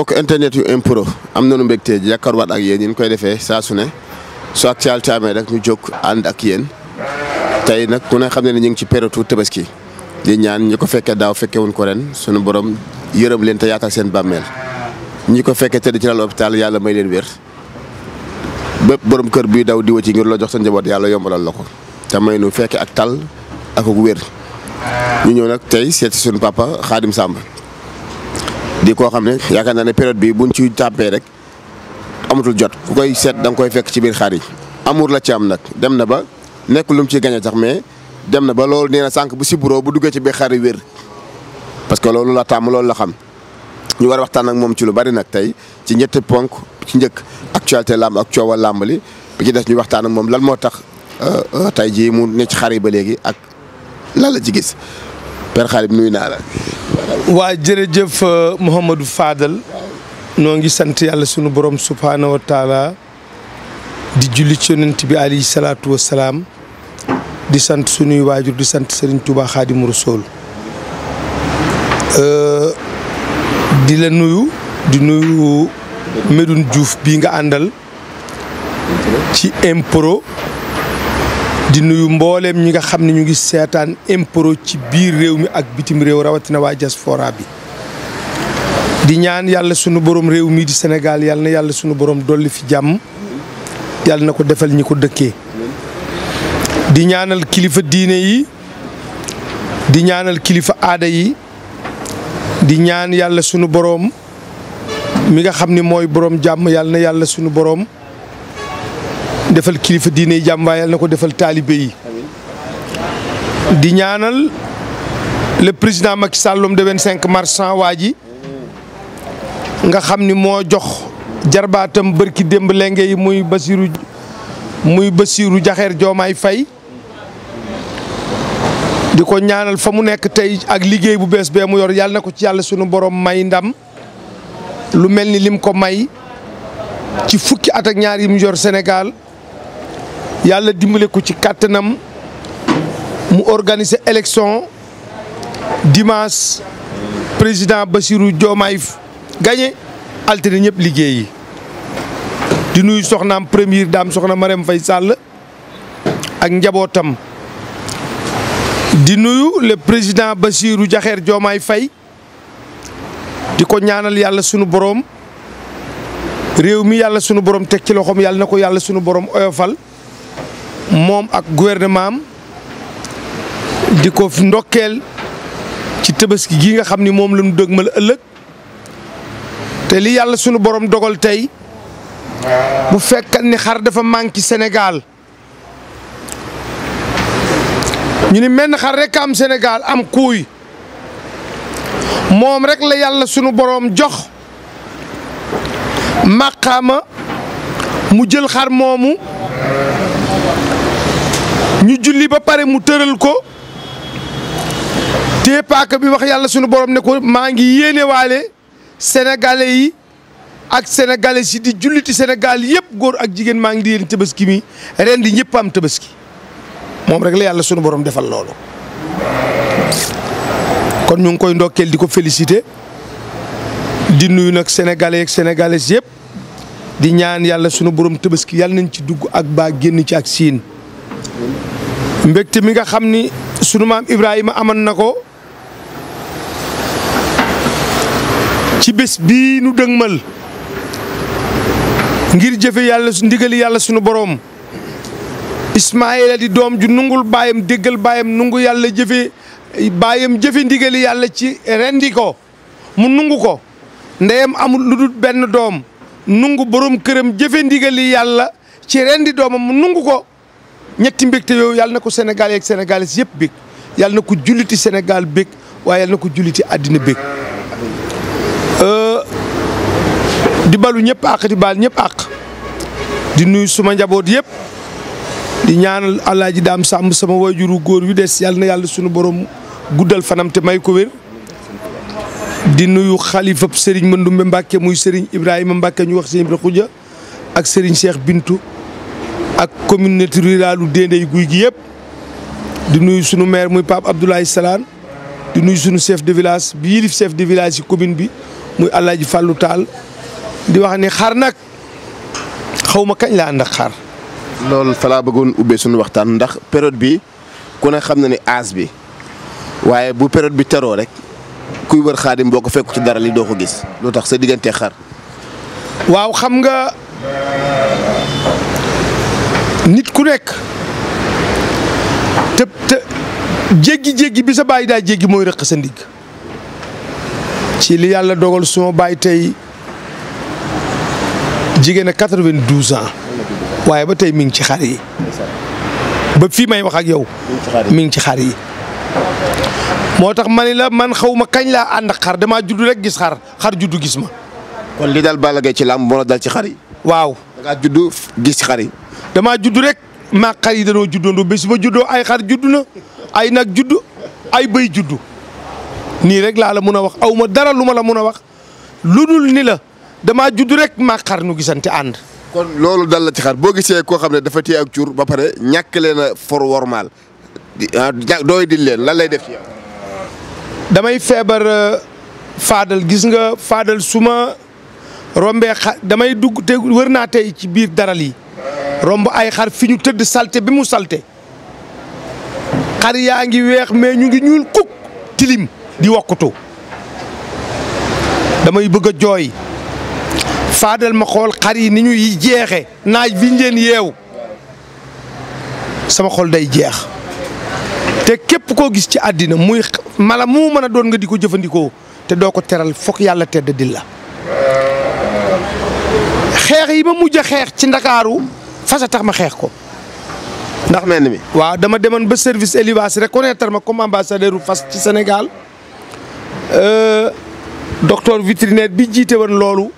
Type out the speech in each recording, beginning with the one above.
bokk internet yu impro am nañu mbégte jàkkaarwaat ak yéen ñu koy defee saa su ne su actualité amee rek ñu jóg ànd ak yéen tey nag ku ne xam ne ni ñu ngi ci période tabaski di ñaan ñi ko fekkee daaw fekkee wuñ ko ren sunu borom yërëm leen te yaatal seen bàmmeel ñi ko fekkee tëdd ci lal hôpital yàlla may leen weer bépp borom kër bii daw di ci ngir loo jox sa njaboot yàlla yombalal la ko te may nu fekkee ak tal ak wér ñu ñëw nag tey seet si sunu papa Khadim Samb di koo xam ne yaakaar naa ne période bi buñ ci tàppee rek amatul jot ku koy seet danga koy fekk ci biir xaar yi amour la ci am nag dem na ba nekk lu mu ciy sax mais dem na ba loolu nee na sànq bu siburoo bu duggee ci biir xaar yi wér parce que loolu la tàmm loolu la xam ñu war a waxtaan ak moom ci lu bari nag tey ci ñetti ponk ci njëkk actualité làmb ak coowal làmbali li bi ci des ñu waxtaan ak moom lan moo tax euh, euh, tey jii mu ne ci xar yi ba léegi ak lan la ci gis Père Khalib nuyu naa la. jërëjëf euh, Mouhamadou Fadal noo ngi sant yàlla sunu borom subhaanahu wa di julli ci yonent bi alayhi salaatu wa salaam di sant sunuy waajur di sant Serigne Touba Khadimu sool euh, di la nuyu di nuyu Medoune Diouf bii nga àndal ci impro di nuyu mbooleem ñi nga xam ne ñu ngi seetaan impro ci biir réew mi ak bitim réew rawatina waa diaspora bi di ñaan yàlla sunu boroom réew mii di Sénégal yàlla na yàlla sunu borom dolli fi jàmm yàlla na ko defal ñi ko dëkkee di ñaanal kilifa diine yi di ñaanal kilifa aada yi di ñaan yàlla sunu boroom mi nga xam ni mooy boroom jàmm yàlla na yàlla sunu boroom defal kilifa diine yi jàmm waaye yàlla na ko defal taalibe yi di ñaanal le président Macky Sall de 25 mars ah, waa ji nga xam ni moo jox jarbaatam bërki démb lenge yi muy Bassirou muy Bassirou Diakhar Diomaye Faye di ko ñaanal fa mu nekk tey ak liggéey bu bees bee mu yor yàlla na ko ci yàlla sunu borom may ndam lu mel ni lim ko may ci fukki at ak ñaar yi Sénégal yàlla dimbale ko ci kàttanam mu organiser élection dimanche président Bassirou Diomaye gagné altine ñëpp liggéey yi di nuyu soxnaam première dame soxna Marème fay sàll ak njabootam di nuyu le président Bassirou Diakhar Diomaye fay di ko ñaanal yàlla sunu borom réew mi yàlla sunu borom teg ci loxoom yàlla na ko yàlla sunu borom oyofal. moom ak gouvernement am di ko ndokkeel ci tabaski gi nga xam ni moom la ñu dëgmal ëllëg te li yàlla sunu borom dogal tey bu fekkan ni xar dafa manqué Sénégal ñu ni menn xar rek am Sénégal am kuuy moom rekk la yàlla sunu boroom jox màqaama mu jël xar moomu. ñu julli ba pare mu tëral ko te paaka bi wax yàlla sunu borom ne ko maa ngi yéene waale sénégalais yi ak sénégalais si di julliti Sénégal yëpp góor ak jigéen maa ngi di yéen tabaski mi ren di ñëpp am tabaski moom rek la yàlla sunu borom defal loolu. kon ñu ngi koy ndokkeel di ko félicité di nuyu nag sénégalais ak sénégalais yëpp di ñaan yàlla sunu borom tabaski yàlla nañ ci dugg ak baa génn ci ak siin. mbégte mi nga xam ni sunu maam Ibrahima aman na ko ci bés bii nu dëgmal ngir jëfe yàlla ndigali yàlla sunu boroom Ismaayila di doom ju nungul baayam déggal baayam nungu yàlla jëfe baayam jëfe ndigali yàlla ci rendi ko mu nungu ko ndeyam amul lu dul benn doom nungu boroom këram jëfe ndigali yàlla ci rendi doomam mu nungu ko ñetti mbégte yooyu yàlla na ko Sénégal yeeg Sénégalais yëpp bég yàlla na ko julliti Sénégal bég waaye yàlla na ko julliti àddina bég euh, di balu ñëpp àq di baal ñëpp àq di nuyu suma njaboot yëpp di ñaanal alaaji daam sàmm sama wajuru góor wi des yàlla na yàlla sunu borom guddal fanam te may ko wér di nuyu xalifa sëriñ Mandumbe Mbàkke muy sëriñ Ibrahima Mbàkke ñu wax sëriñ Ibra Xuja ak sëriñ Cheikh Bintu ak communauté raalu Dendey guy gi yëpp di nuyu sunu maire muy Pape Abdoulaye Salaan di nuy sunu chef de village bi yilif chef de village ci commune bi muy Alaaji Fàllu Taal di wax ni xar nag xawma kañ laa ànd xar. lool fa bëggoon ubbee sunu waxtaan ndax période bi ku ne xam na ni aas bi waaye bu période bi teroo rek kuy wër xaadim boo ko fekk ci dara li doo ko gis loo tax sa diggante xar. waaw xam nga. nit ku nekk te te jéggi-jéggi bi sa bàyyi daa jéggi mooy rëq sa ci li yàlla dogal suma baay tey jigéen a quatre-vingt-douze waaye ba tey mi ngi ci xar yi ba fii may wax ak yow mi ngi ci xar yi moo tax ma ni la man xaw ma kañ laa ànd xar damaa judd rek gis xar xar judd gis ma kon li daal Balla Gaye ci làmb moo la ci xar yi waaw dangaa judd gis ci xar damaa judd rek maa xar yi danoo juddoo bés ba juddoo ay xar judd na ay nag judd ay bëy judd nii rek laa la mun a wax aw ma dara lu ma la mun a wax lu dul ni la damaa judd rek maa xar nu gisante ànd. kon loolu dal la ci xar boo gisee koo xam ne dafa téye ak cuur ba pare ñàkk leen a for wormaal ah, dooy di leen lan lay def damay feebar euh, faadal gis nga faadal suma ma rombee xa damay dugg te wër naa tey ci biir daral yi. romb ay xar fi ñu tëdd salte bi mu salte xar yaa ngi weex mais ñu ngi ñuul kuk tilim di wokkutu damay bëgg a jooy faadal ma xool xar yi ni ñuy jeexe naaj bi ngeen yeew sama xol day jeex te képp koo gis ci àddina muy mala mu mën a doon nga di ko jëfandikoo te doo ko teral foog yàlla tedd di la xeex yi ma mujj a xeex ci ndakaaru fas a tax ma xeex ko. ndax mel ni mi. waaw dama demoon ba service élevage reconnaître ma comme ambassadeur fas ci Sénégal euh, docteur vétérinaire bi jiite woon loolu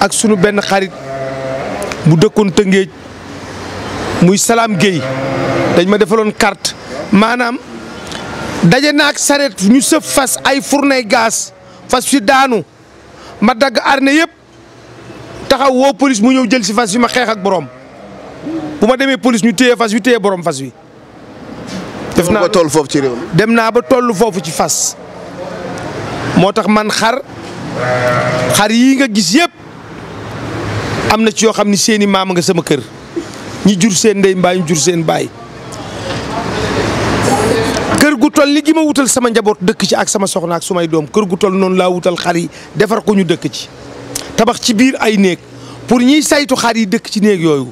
ak sunu benn xarit bu dëkkoon Tëngéej muy salaam Guèye dañ ma defaloon carte maanaam daje naag saret ñu sëf fas ay fourne gaz fas fi daanu ma dagg arne yëpp. taxaw woo police mu ñëw jël si fas wi ma xeex ak borom bu ma demee police ñu téye fas wi téye borom fas wi. def naa ba toll foofu ci réew dem naa ba toll foofu ci fas moo tax man xar xar yii nga gis yëpp am na ci yoo xam ni seeni maam nga sama kër ñi jur seen ndey mbaay ñu jur seen baay kër gu toll li gi ma wutal sama njaboot dëkk ci ak sama soxna ak sumay doom kër gu toll noonu laa wutal xar yi defar ko ñu dëkk ci. tabax ci biir ay néeg pour ñiy saytu xar yi dëkk ci néeg yooyu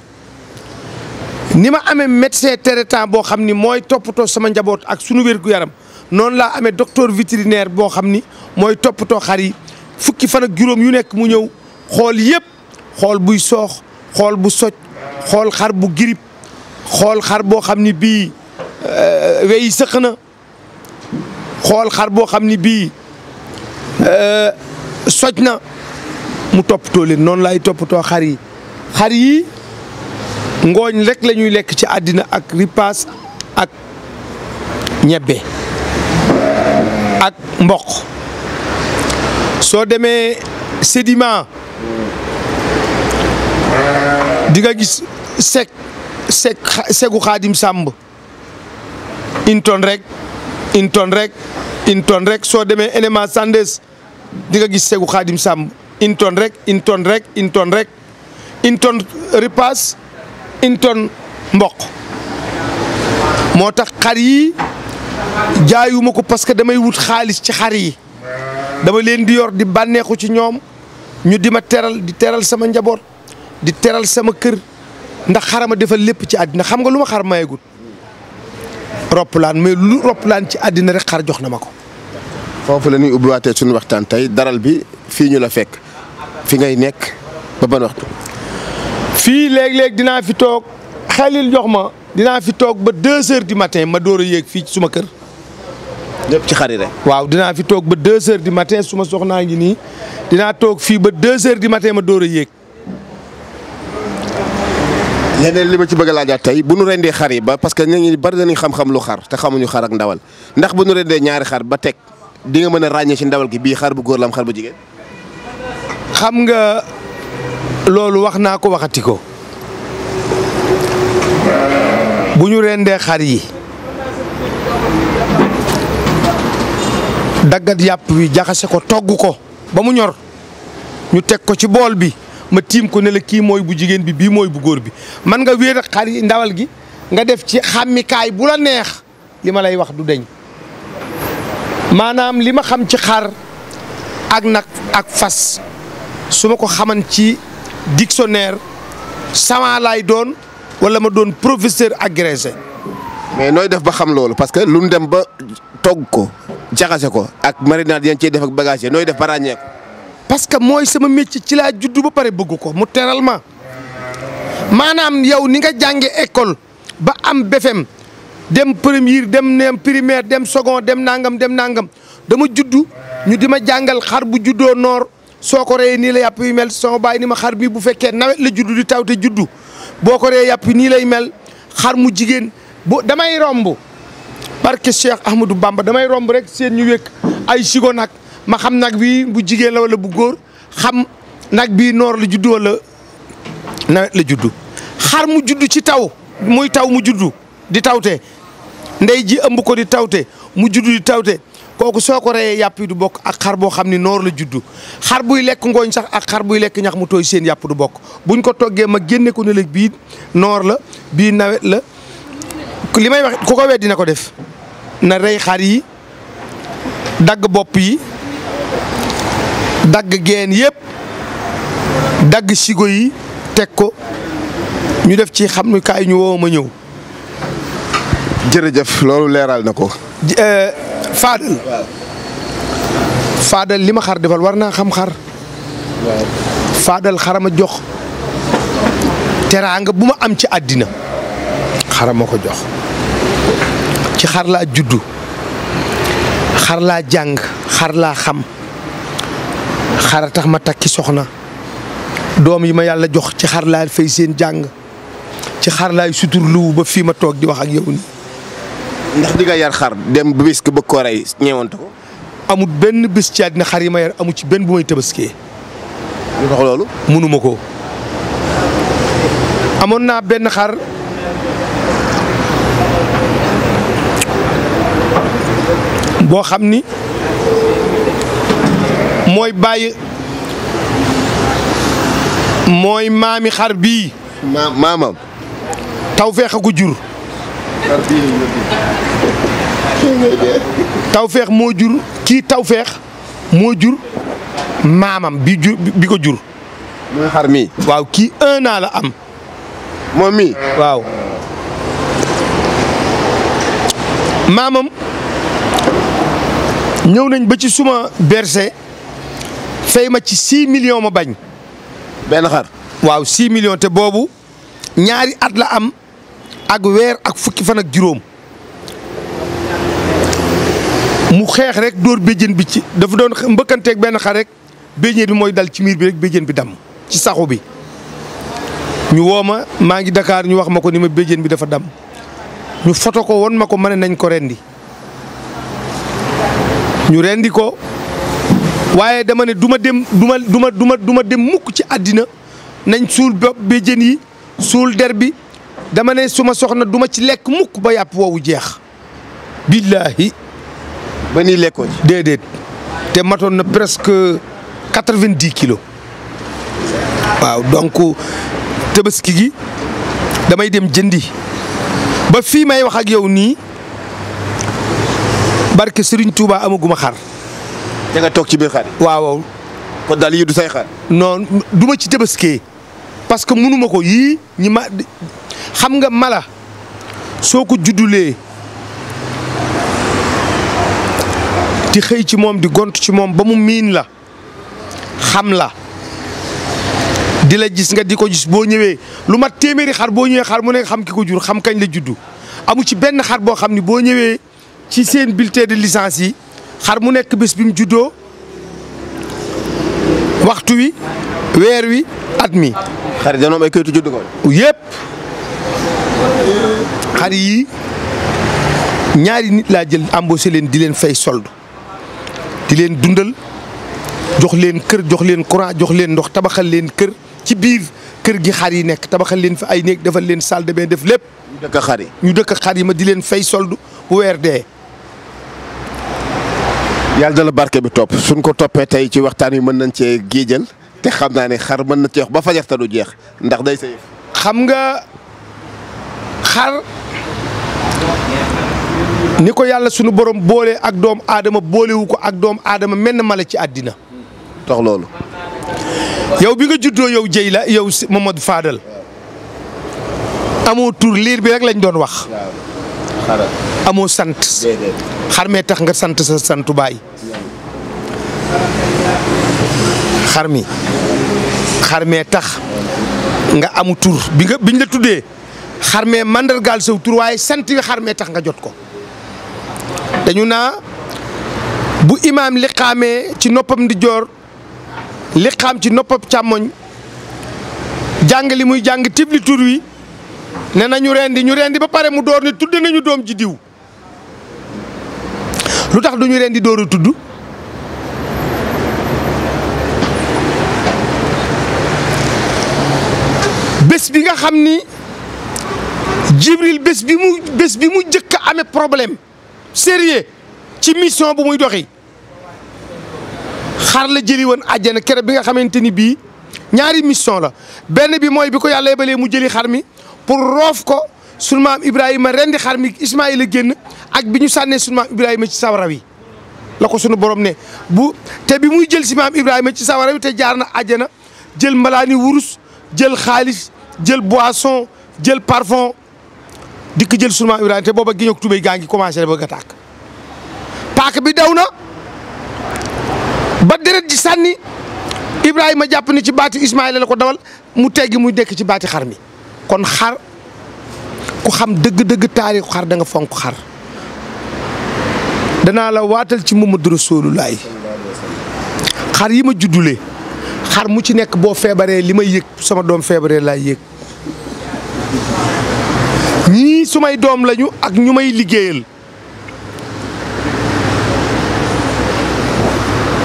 ni ma amee médecin traitant boo xam ni mooy toppatoo sama njaboot ak sunu wér yaram noonu laa amee docteur vétérinaire boo xam ni mooy toppatoo xar yi fukki fan ak juróom yu nekk mu ñëw xool yëpp xool buy soox xool bu soj xool xar bu girib xool xar boo xam ni bii euh, weyi sëq na xool xar boo xam ni bii euh, soj na mu toppatoo leen noonu lay toppatoo xar yi xar yi ngooñ rek lañuy lekk ci àddina ak ripaas ak ñebbe ak mboq soo demee sédiment di nga gis sec sec segu xaadim sàmb une tonne rek une rek une rek soo demee élément sandes di nga gis segu xaadim sàmb une tonne rek une tonne rek une tonne rek une tonne ripaas une tonne mboq moo tax xar yi jaayuma ko parce que damay wut xaalis ci xar yi dama leen di yor di bànneexu ci ñoom ñu di ma teral di teral sama njaboot di teral sama kër ndax xarama defal lépp ci àddina xam nga lu ma xar mayeegul roppalaan mais lu roppalaan ci àddina rek xar jox na ma ko. foofu la ñuy ubbiwaatee suñu waxtaan tey daral bi fii ñu la fekk. fi ngay nekk ba ban waxtu. fii léeg-léeg dinaa fi toog xelil jox ma dinaa fi toog ba deux heures du matin ma door a yéeg fii suma kër. lépp ci xari rek. waaw dinaa fi toog ba deux heures du matin suma ma soxnaa ngi nii dinaa toog fii ba deux heures du matin ma door a yéeg. leneen li ma ci bëgg a laajaat tey bu nu rendee xar yi ba parce que ñi bari nañu xam-xam lu xar te xamuñu xar ak ndawal ndax bu nu rendee ñaari xar ba teg di nga mën a ràññee ci ndawal gi bii xar bu góor la am xar xam nga loolu wax naa ko waxati ko bu ñu rendee xar yi daggat yàpp wi jaxase ko togg ko ba mu ñor ñu teg ko ci bool bi ma tiim ko ne la kii mooy bu jigéen bi bii mooy bu góor bi man nga wéer xar yi ndawal gi nga def ci xàmmikaay bu la neex li ma lay wax du deñ maanaam li ma xam ci xar ak nag ak fas su ma ko xaman ci dictionnaire savant laay doon wala ma doon professeur agrégé. mais nooy def ba xam loolu parce que lu dem ba togg ko jaxase ko ak marinade yan cee def ak bagage nooy def ba ràññee ko parce que mooy sama métier ci laa juddu ba pare bëgg ko mu teral ma maanaam yow ni nga jànge école ba am BFEM dem première dem neem primaire dem second dem nangam dem nangam dama juddu ñu di ma jàngal xar bu juddoo noor. soo ko reyee nii la yàpp yi mel sama baay ni ma xar mi bu fekkee nawet la juddu di taw te juddu boo ko reyee yàpp nii lay mel xar mu jigéen bu damay romb barke Cheikh Ahmadou Bamba damay romb rek seen ñu wékk ay sigo nag ma xam nag bi bu jigéen la wala bu góor xam nag bii noor la juddu walla nawet la juddu xar mu juddu ci taw muy taw mu juddu di tawte ndey ji ëmb ko di tawte mu juddu di tawte kooku soo ko reyee yàpp du bokk ak xar boo xam ni noor la juddu xar buy lekk ngooñ sax ak xar buy lekk ñax mu tooy seen yàpp du bokk bu ñu ko toggee ma génne ko ne la bii noor la bii nawet la li may wax ku ko weddi ko def na rey xar yi dagg bopp yi dagg geen yépp dagg sigo yi teg ko ñu def ci xam ne kaay ñu woo ma ñëw. jërëjëf loolu leeral na ko. Euh, faadal li ma xar defal war naa xam xar faadal xarama jox teraanga bu ma am ci àddina xarama ko jox ci xarlaa laa juddu xar jàng xarlaa xam xara tax ma takki soxna doom yi ma yàlla jox ci xar laa fay seen jàng ci xar laay suturluwu ba fii ma toog di wax ak yow nii ndax di nga yar xar dem ba bis ko bëgg ñeewante ko. amul benn bis ci àddina xar yi ma yar amu ci benn bu may tabaskee. lu loolu. mënuma ko. amoon naa benn xar boo xam ni mooy bàyyi mooy maami xar bii. maamam. taw feexa ko jur. tawfeex moo jur kii tawfeex moo jur maamam bi jur ko jur. xar mi waaw kii un an la am. moom mi waaw. maamam ñëw nañ ba ci suma berse fay ma ci six million ma bañ. benn xar. waaw six millions te boobu ñaari at la am. ak weer ak fukki fan ak juróom mu xeex rek dóor béjjén bi ci dafa doon mbëkkanteeg benn xar rek béjjén bi mooy dal ci miir bi rek béjjén bi damm ci saxu bi ñu woo ma maa ngi Dakar ñu wax ma ko ni ma béjjén bi dafa damm ñu foto ko won ma ko mën nañ ko rendi ñu rendi ko waaye dama ne duma dem ma du ma du mukk ci àddina nañ suul béjjén yi suul der bi dama ne suma soxna duma ci lekk mukk ba yàpp woowu jeex billaahi ba ni lekkoo ci te matoon na presque quatre-vingt-dix kilos waaw donc tabaski gi damay dem jëndi ba fi may wax ak yow nii barke Serigne Touba amaguma xar. da toog ci biir xar. dal waaw. kon daal du say xar. non du ma ci tabaskee parce que mënuma ko yii ñi ma xam nga mala soo ko juddulee di xëy ci moom di gont ci moom ba mu miin la xam la di la jis nga di ko gis boo ñëwee lu mat téeméeri xar boo ñëwee xar mu nekk xam ki ko jur xam kañ la juddu amu ci benn xar boo xam ni boo ñëwee ci seen bulletin de licence yi xar mu nekk bés bi mu juddoo waxtu wi weer wi at mi xar yi dañoo am ay kayitu juddu ko. yëpp xar yi ñaari nit laa jël embauché leen di leen fay solde di leen dundal jox leen kër jox leen courant jox leen ndox tabaxal leen kër ci biir kër gi xar yi nekk tabaxal leen fi ay néeg defal leen salle de def lépp. ñu dëkk xar ñu dëkk xar yi ma di leen fay solde bu weer dee. yàlla dala barke bi topp suñ ko toppee tey ci waxtaan wi mën nañ cee géejal. te xam naa ne xar mën na ci wax ba fajar te du jeex ndax day say xam nga xar ni ko yàlla sunu borom boole ak doom aadama boolewu ko ak doom aadama menn mala ci àddina tax loolu yow bi nga juddoo yow jëy la yow Mamadou Fadal amoo tur liir bi rek lañ doon wax amoo sant xar mee tax nga sant sa santu baay xar mi xar mee tax nga amu tur bi nga biñ la tuddee xar mee mandargaal saw tur waaye sant wi xar mee tax nga jot ko dañu naa bu imaam liqaamee ci noppam di joor liqaam ci noppam càmmoñ jàng li muy jàng tibli tur wi ne na ñu rendi ñu rendi ba pare mu door ni tudd nañu doom ji diw lu tax du ñu rendi dooru tudd bés bi nga xam ni Jibril bés bi mu bés jëkk a amee problème sérieux ci mission bu muy doxi xar la jëli woon àjjana kere bi nga xamante ni bii ñaari mission la benn bi mooy bi ko yàlla yebalee mu jëli xar mi pour roof ko sunu maam Ibrahima rendi xar mi Ismaïla génn ak bi ñu sànnee sunu maam Ibrahima ci sawara wi la ko sunu borom ne bu te bi muy jël si maam Ibrahima ci sawara wi te jaar na àjjana jël mbalaani wurus jël xaalis jël boisson jël parfum dikk jël seulement Ibrahima te booba giñook tubéy gaa ngi commencé bëgg a tàkk paak bi daw na ba deret ji sànni Ibrahima jàpp ni ci baati Ismaïla la ko dawal mu teggi mu dekk ci baati xar mi kon xar ku xam dëgg-dëgg taarix xar da fonk xar danaa la waatal ci Muhammadu Rasulullaay xar yi ma juddulee xar mu ci nekk boo feebaree li may yëg sama doom feebaree laay yëg ñii sumay doom lañu ak ñu may liggéeyal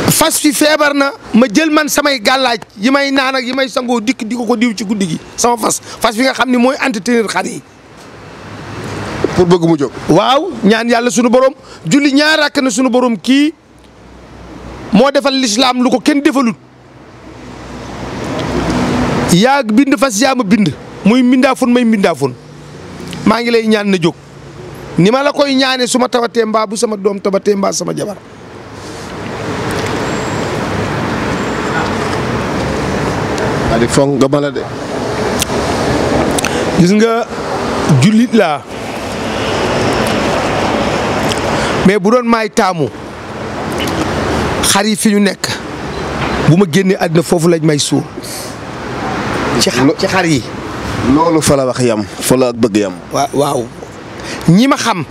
fas fi feebar na ma jël man samay gàllaaj yi may naan yi may sangoo dikk di ko ko diw ci guddi gi sama fas fas fi nga xam ni mooy entretenir xar yi pour bëgg mu waaw ñaan yàlla sunu borom julli ñaar rakk na sunu borom kii moo defal lislaam lu ko kenn defalut yaa bind fas yaa ma bind muy mbindaafoon may mbindaafoon maa ngi lay ñaan na jóg ni ma la koy ñaanee su ma tawatee mbaa bu sama doom tabatee mbaa sama jabar di fonk nga ma la de gis nga jullit laa mais bu doon may taamu xar yi fi ñu nekk bu ma génnee àddina foofu lañ may suur ci xar yi loolu fa la wax yam fa la ak bëgg yam. waaw ñi ma xam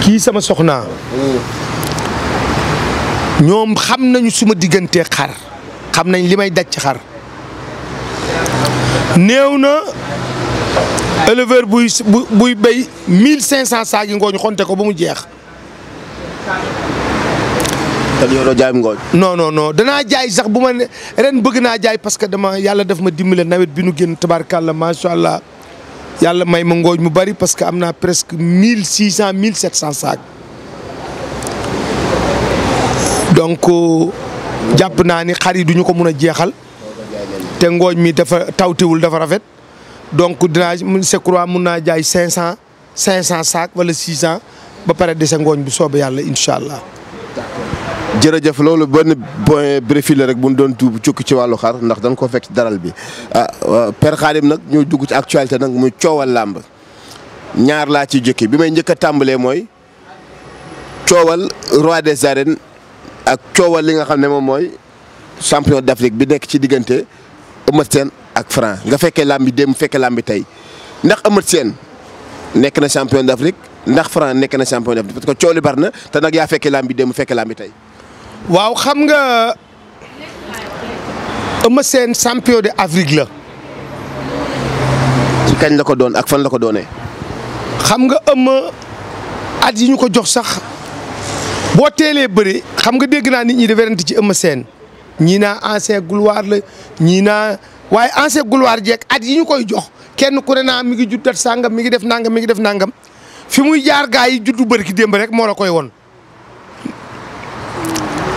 kii sama soxnaa ñoom xam nañu suma diggante xar xam nañ li may daj ci xar néew na éleveur buy buy béy 1500 saag yi xonte ko ba mu jeex. te yow doo jaay ngooñ. danaa jaay sax bu ma ne ren bëgg naa jaay parce que dama yàlla daf ma dimbale nawet bi nu génn tabarkàlla macha allah yàlla may ma ngooñ mu bari parce que am naa presque mille six cent mille sept cent saak donc euh, jàpp naa ni xar yi du ko mun a jeexal te ngooñ mi dafa tawtiwul dafa rafet donc dinaa Seckoura mun naa jaay cinq cent cinq cent saak wala six cent ba pare dese ngooñ bu soobee yàlla incha allah. jërëjëf loolu benn point bref la rek bu nu doon tuub cukki ci wàllu xar ndax dañ ko fekk ci daral bi ah euh, Père Khadim nag ñu dugg ci actualité nag muy coowal làmb ñaar laa ci jëkki bi may njëkk a tàmbalee mooy coowal roi de arènes ak coowal li nga xam ne moom mooy champion d'Afrique bi nekk ci diggante Eumeu Sène ak Franc nga fekkee làmb bi mu fekkee làmb bi tey ndax Eumeu Sène nekk na champion d'Afrique ndax Franc nekk na champion d'Afrique parce que coow na te nag yaa fekkee làmb bi démb fekkee làmb bi tey. waaw xam nga Eumeu Sène champion de Afrique la. kañ la ko doon ak fan la ko doonee. xam nga Eumeu at yi ñu ko jox sax boo teelee bëri xam nga dégg naa nit ñi di werante ci Eumeu seen ñii naa ancien gloire la ñii naa waaye ancien gloire jeeg at yi ñu koy jox kenn ku ne naa mi ngi juddat sàngam mi ngi def nangam mi ngi def nangam fi muy jaar gaa yi juddu bëri ki démb rek moo la koy won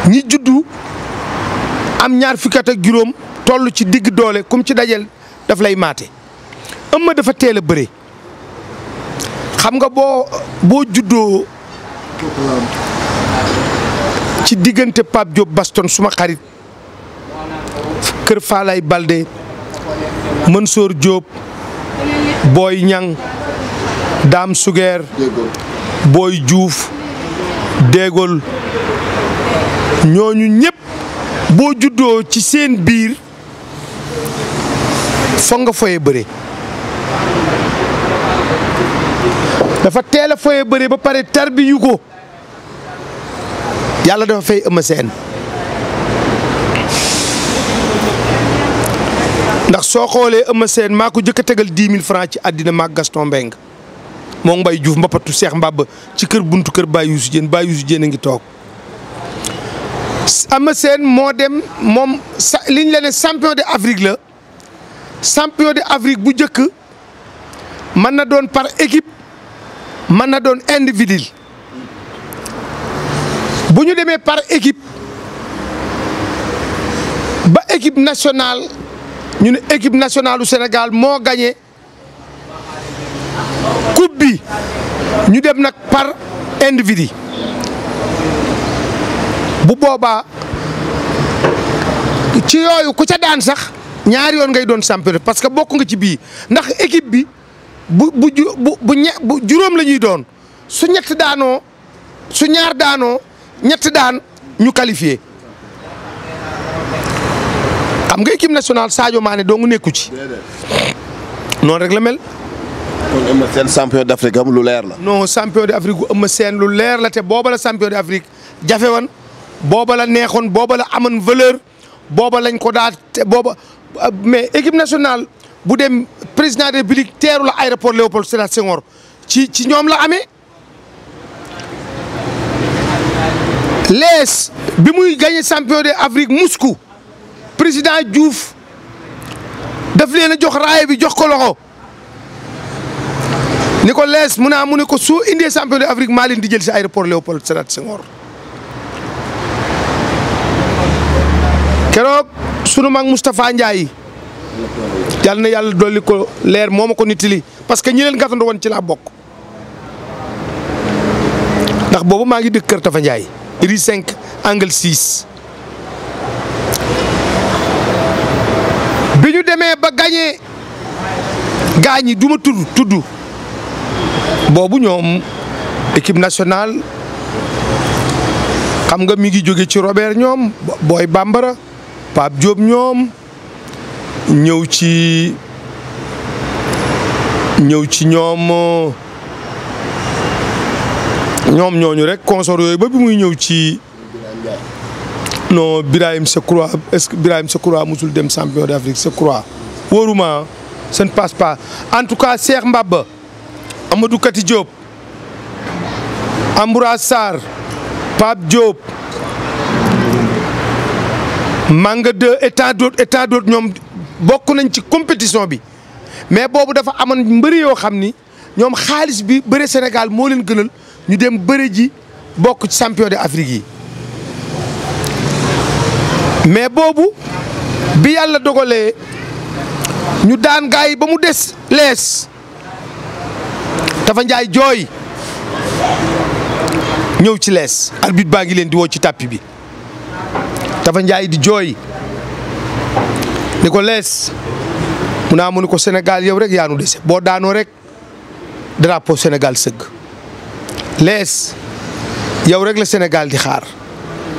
ñi juddu am ñaar fukki at ak juróom toll ci digg doole kum ci dajel daf lay maate ëmma dafa teel a bëre xam nga boo boo juddoo ci diggante Pape Diop Baston suma xarit kër Faalaay Balde Mansour Diop booy Ñang daam Sugeer booy juuf Dégol ñooñu ñëpp boo juddoo ci seen biir foog nga foye bëre dafa teel a foye bëre ba pare tarbiyu ko yàlla dafa fay ëmma seen ndax soo xoolee ëmma seen maa ko jëkk a tegal dix mille francs ci àddina maag Gaston Mbengue moo ngi Mbaye Diouf Seex mbàbb ci kër buntu kër Baye Youssou Diène Baye Youssou Diène a ngi toog Eumeu Sène moo dem moom sa li ñu la ne champion de Afrique la champion de Afrique bu njëkk mën na doon par équipe mën na doon individuel bu ñu demee par équipe ba équipe nationale ñu ne équipe nationale du Sénégal moo gañe coupe bi ñu dem nag par individu bu boobaa ci yooyu ku ca daan sax ñaari yoon ngay doon champion parce que bokk nga ci bii ndax équipe bi bu bu bu juróom la ñuy doon su ñett daanoo su ñaar daanoo ñett daan ñu qualifié xam nga équipe nationale Sadio maane doo nga nekku ci noonu rek la mel. kon Eumeu Sène champion lu leer la. non champion d'Afrique bu Eumeu Sène lu leer la te booba la champion d'Afrique jafe woon booba la neexoon booba la amoon valeur booba lañ ko daa booba mais équipe nationale bu dem président de la république teeru la aéroport Léopold Sédar Senghor ci ci ñoom la amee lees bi muy gagné champion de Afrique Moscou président juuf daf leen jox raaya bi jox ko loxo ni ko lees mu naa ah, mu ne ko soo indee champion de Afrique maa leen di jël si aéroport Léopold Sédar Senghor keroog sunu mag Moustapha Ndiaye yal na yàlla dolli ko leer moom ma ko nittali parce que ñi leen gàttandu woon ci laa bokk ndax boobu maa ngi dëkk Kër Tafa Ndiaye rue 5 angle 6. bi ñu demee ba gañee gaañi yi tudd tudd boobu ñoom équipe nationale xam nga mi ngi jóge ci Robert ñoom booy Bambara. Pape Diop ñoom ñëw ci ñëw ci ñoom ñoom ñooñu rek consort yooyu ba bi muy ñëw ci non Birahim Sekroua est-ce que Birahim Sekroua musul dem champion d'Afrique Sekroua wóoruma ça passe en tout cas Cheikh Mbaba Amadou Kati Diop Ambroise Sarr Pape Diop Manga 2 et tant d'autres ñoom bokk nañ ci compétition bi mais boobu dafa amoon mbëri yoo xam ni ñoom xaalis bi bëre Sénégal moo leen gënal ñu dem bëre ji bokk ci champion de Afrique yi mais boobu bi yàlla dogalee ñu daan gaay ba mu des lees dafa njaay jooy ñëw ci lees arbitre baa ngi leen di woo ci tàppi bi Tafa Ndiaye di jooy ni ko lees mu naa mu ni ko Sénégal yow rek yaa nu dese boo daanoo rek drapeau Sénégal sëgg lees yow rek la Sénégal di xaar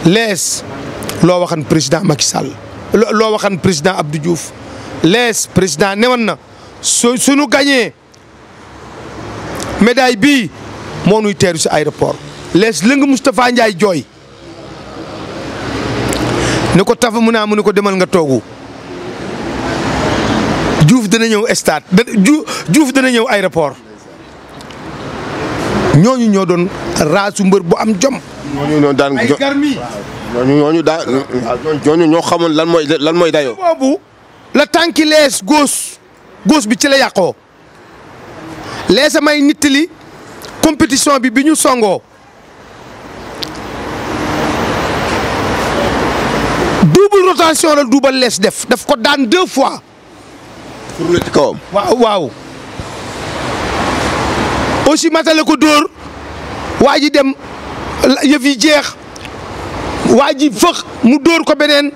lees loo waxan président Macky Sall loo waxan président Abdou Diouf lees président newoon na su suñu gañee médaille bi moo nuy teeru si aéroport lees lëng Moustapha Ndiaye jooy ne ko tafa mun naa ah, mu ne ko demal nga toogu Diouf dana ñëw stade da Diouf dana ñëw aéroport ñooñu ñoo doon raasu mbër bu am jom. ñooñu ñoo daan ay ñooñu ñoo xamoon lan mooy lan mooy dayoo. boobu la tànki lees goos góos bi ci la yàqoo lees amay nittali compétision bi bi ñu songoo. double rotation la duubal lees def def ko daan deux fois. tourné ci kawam. waaw aussi matale ko door waa ji dem yëf yi jeex waa ji fëx mu dóor ko beneen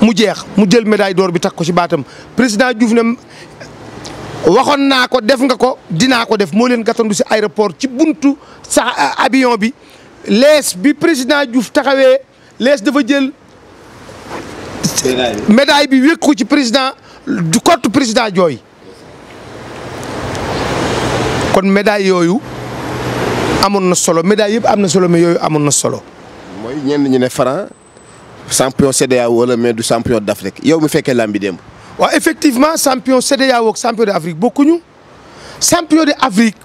mu jeex mu jël médaille door bi takk ko ci baatam président Diouf ne waxoon naa ko def nga ko dinaa ko def moo leen gàttandu si aéroport ci buntu sax euh, avion bi lees bi président Diouf taxawee lees dafa jël. médaille bi wékku ci président du kottu président jooy kon médaille yooyu amoon na solo médaille yëpp am na solo mais yooyu amoon na solo. mooy ñenn ñu ne Franc champion CEDEAO wala mais du champion d'Afrique yow mi fekkee lambi démb. waaw effectivement champion CEDEAO ak champion d'Afrique bokkuñu champion d'Afrique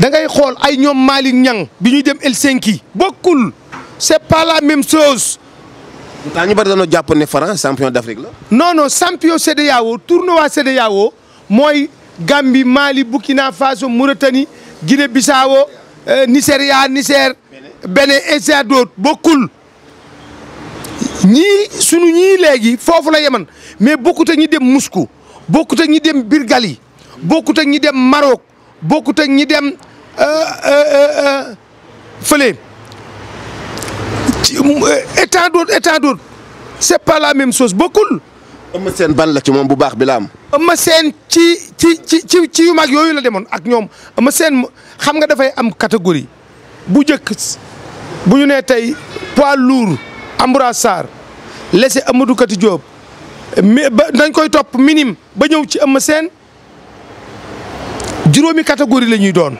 da ngay xool ay ñoom Malick Niang bi ñuy dem Helsinki bokkul c'est pas la même chose. lu tax ñu bari dañoo jàpp ne Franc champion d'Afrique la. non non champion CEDEAO tournoi CEDEAO mooy Gambie Mali Burkina Faso Mauritanie Guinée Bissau euh, Nigeria Niger Bénin et d'autres bokkul ñii sunu ñii léegi foofu la yeman mais bokkut ak ñi dem Moscou bokkut ak ñi dem Birgali bokkut ak ñi dem Maroc bokkut ak ñi dem euh, euh, fële. ci et tant d'autres et tant la même sos bokkul. Eumeu Sène ban la ci moom bu baax bi am. Eumeu seen ci ci ci ci ci yu mag yooyu la demoon ak ñoom ama seen xam nga dafay am catégorie bu njëkk bu ñu nee tey poids lourd Ambra lese laissé Amadou Kati Diop ba dañ koy topp minime ba ñëw ci Eumeu Sène juróomi catégorie la ñuy doon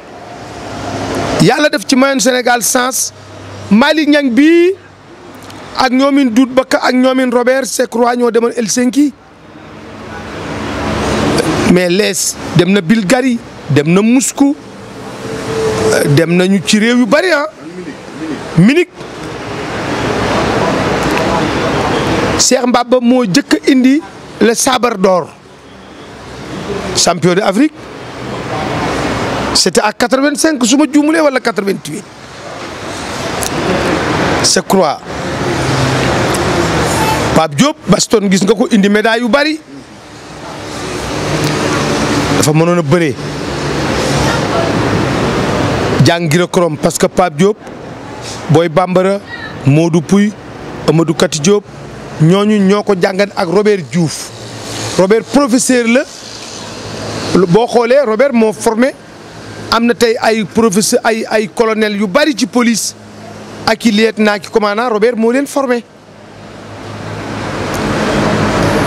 yàlla def ci mayoon Sénégal sens. mali Niang bii ak ñoomin Doudou Bakka ak ñoomin Robert Secroix ñoo demoon Helsinki mais lees dem na Bulgarie dem na Moscou dem nañu ci réew yu bari ah Munich Cheikh Mbaba moo jëkk indi le sabre d'or champion d'Afrique c'était à 85 su ma juumulee wala 88 sa croix Pape Diop Baston gis nga ko indi médaille yu bari dafa mënoon a bëree jàngira korom parce que Pape Diop Boy Bambara Modou Pouy Amadou Kati Diop ñooñu ñoo ko jàngat ak Robert Diouf Robert professeur la boo xoolee Robert moo formé am na tey ay professeur ay ay colonel yu bari ci police ak i lieutenant ki commandant Robert moo leen formé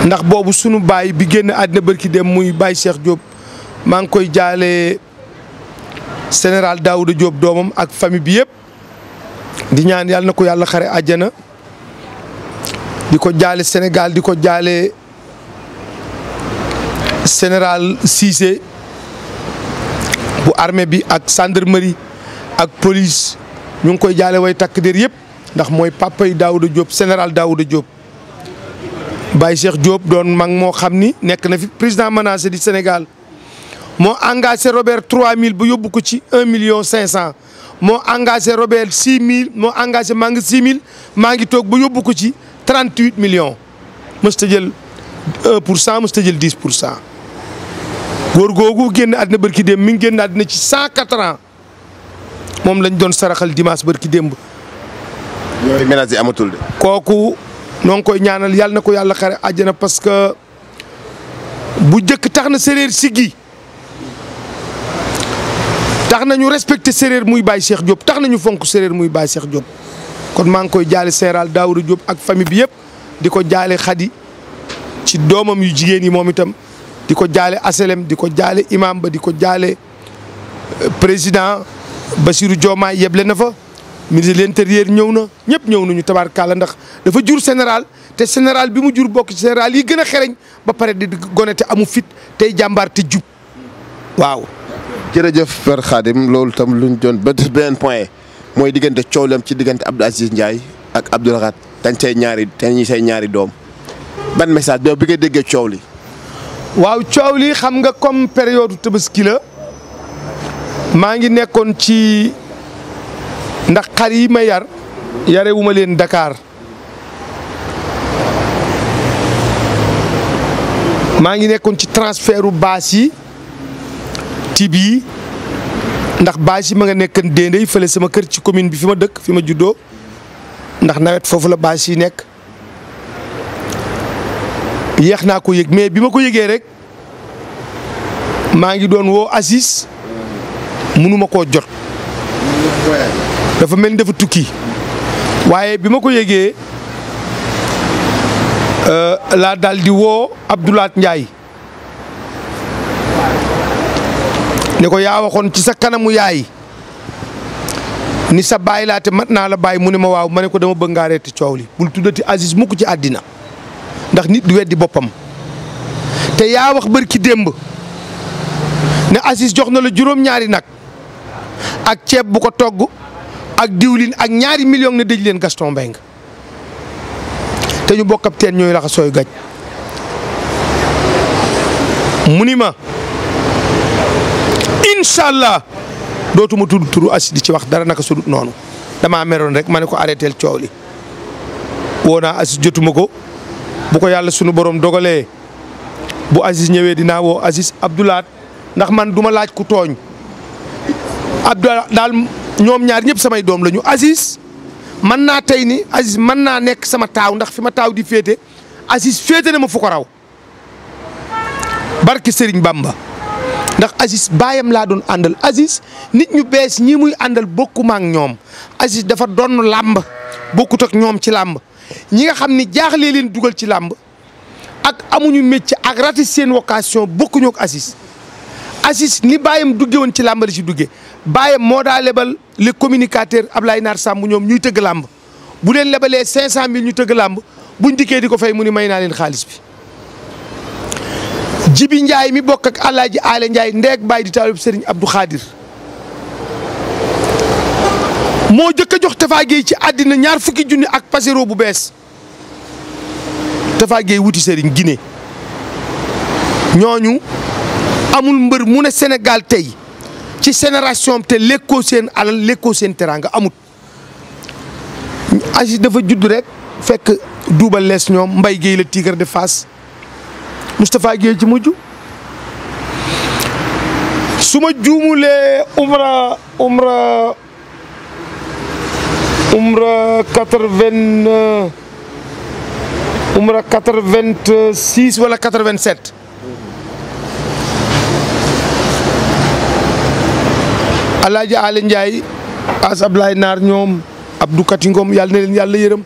ndax boobu sunu baay bi génn àddina bërki dem muy baay Cheikh Diop maa ngi koy jaale général Daouda jóob doomam ak famille bi yëpp di ñaan yàlla na ko yàlla xare àjjana di ko jaale Sénégal di ko jaale général Cissé bu armée bi ak gendarmerie ak police ñu ngi koy jaale way takk der yëpp ndax mooy papa yi Daouda Diop général Daouda Diop. Baye Cheikh Diop doon mag moo xam ni nekk na fi président menacé di Sénégal moo engagé Robert 3000 ba yóbbu ko ci 1 million 500 moo engagé Robert 6000 moo engagé maa ngi 6000 maa ngi toog bu yóbbu ko ci 38 millions mës ta jël 1 pour cent mës ta jël 10 pour cent góor googu génn àddina barki dem mi ngi génn àddina ci 104 ans. moom lañ doon saraxal dimanche barki démb. yooyu amatul kooku noo ngi koy ñaanal yàlla na ko yàlla xare àjjana parce que bu njëkk tax na séréer siggi tax nañu ñu respecté séréer muy bàyyi Cheikh Diop tax na ñu fonk séréer muy Baye Cheikh Diop. kon maa ngi koy jaale Séral Daourou Diop ak famille bi yëpp di ko jaale Khady ci doomam yu jigéen yi moom itam di ko jaale aselem di ko jaale imaam ba di ko jaale euh, président. Bassirou Diomaye yeble na fa ministre de l'intérieur ñëw na ñëpp ñëw nañu tabaarkalla ndax dafa jur général te général bi mu jur bokk ci yi gën a xereñ ba pare di gone te amu fit tey jàmbaar te jub waaw. jërëjëf Père Khadim loolu tam luñ doon ba beneen point mooy diggante coow lam ci diggante Abdou Aziz Ndiaye ak Abdou Rahat dañ say ñaari dañ ñaari doom ban message bi nga déggee coow li. waaw coow li xam nga comme période tabaski maa ngi nekkoon ci ndax xar yi ma yar yare leen Dakar maa ngi nekkoon ci transfertu baas yi tib yi ndax baas yi ma nga nekkan déndey fale sama kër ci commune bi fi ma dëkk fi ma juddoo ndax nawet foofu la baas yi nekk yéex naa ko yëg mais bi ma ko yégee rek maa ngi doon woo Aziz mënuma koo jot. dafa mel ni dafa tukki waaye bi ma ko yëgee euh, laa daal di woo Abdoulaat njaay ne ko yaa waxoon ci sa kanamu yaay ni sa baay laate mat naa la baay mu ne ma waaw ma ne ko dama bëgg nga arrêté coow li bul tuddati Aziz mukk ci àddina ndax nit du weddi boppam te yaawax wax bërki démb ne Aziz jox na la juróom-ñaari nag. ak ceeb bu ko togg ak diwlin ak ñaari million ne dëj leen Gaston Mbengue te ñu bokk ab teen ñooy laxa sooy gaj mu ni ma incha allah dootuma tudd turu as di ci wax dara naka sudut noonu dama meroon rek ma ne ko arrêté coow li woo naa Aziz jotuma ko bu ko yàlla sunu borom dogalee bu Aziz ñëwee dinaa woo Aziz Abdoulaat ndax man duma laaj ku tooñ Abdou daal ñoom ñaar ñëpp samay doom lañu Aziz man naa tey ni Aziz mën naa nekk sama taaw ndax fi ma taaw di féete Aziz féete na ma fu raw barke sëriñ Bamba ndax Aziz baayam laa doon àndal Aziz nit ñu bees ñi muy àndal bokkuma ak ñoom Aziz dafa doon làmb bokkut ak ñoom ci làmb ñi nga xam ni jaaxlee leen dugal ci làmb ak amuñu métier ak ratis seen vocation bokkuñu ak Aziz Aziz ni baayam dugge woon ci làmb la ci dugge bàyyam moo daa lebal les communicateurs Ablaye Naar Samb ñoom ñuy tëgg làmb bu leen lebalee 500000 ñu tëgg làmb bu buñ dikkee di ko fay mu ni may naa leen xaalis bi. Jibi Ndiaye mi bokk ak El Hadj Aale Ndiaye ndeeg bàyyi di taalib Serigne Abdou Khadir moo jëkk a jox Tafa ci àddina ñaar fukki junni ak pasero bu bees Tafa Gueye wuti Serigne Guinée ñooñu amul mbër mu ne Sénégal tey. ci génération te lekkoo seen alal lekkoo seen teraanga amut Aziz dafa judd rek fekk duubal lees ñoom Mbaye Guèye la Tigre de Fass Moustapha Guèye ci mujj su ma juumulee umra umra umra quatre vingt umra quatre vingt six wala quatre vingt alaaji Ali Ndiaye Asablaay Naar ñoom Abdou Katingom yàlla na leen yàlla yërëm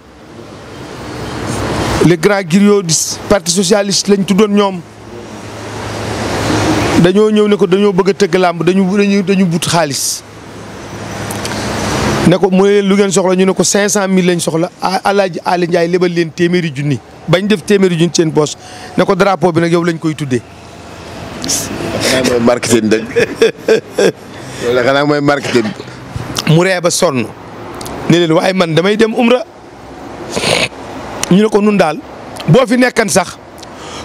les grands griots parti socialiste lañ tuddoon ñoom dañoo ñëw ne ko dañoo bëgg a tëgg làmb dañu dañu dañu but xaalis ne ko mu ne leen lu ngeen soxla ñu ne ko cinq cent mille lañ soxla alaaji Ali Ndiaye lebal leen téeméeri junni bañ def téeméeri junni seen poche ne ko drapeau bi nag yow lañ koy tuddee. maa loolu mooy marketing. mu ree ba sonn ne waaye man damay dem umra ñu ne ko nun daal boo fi nekkan sax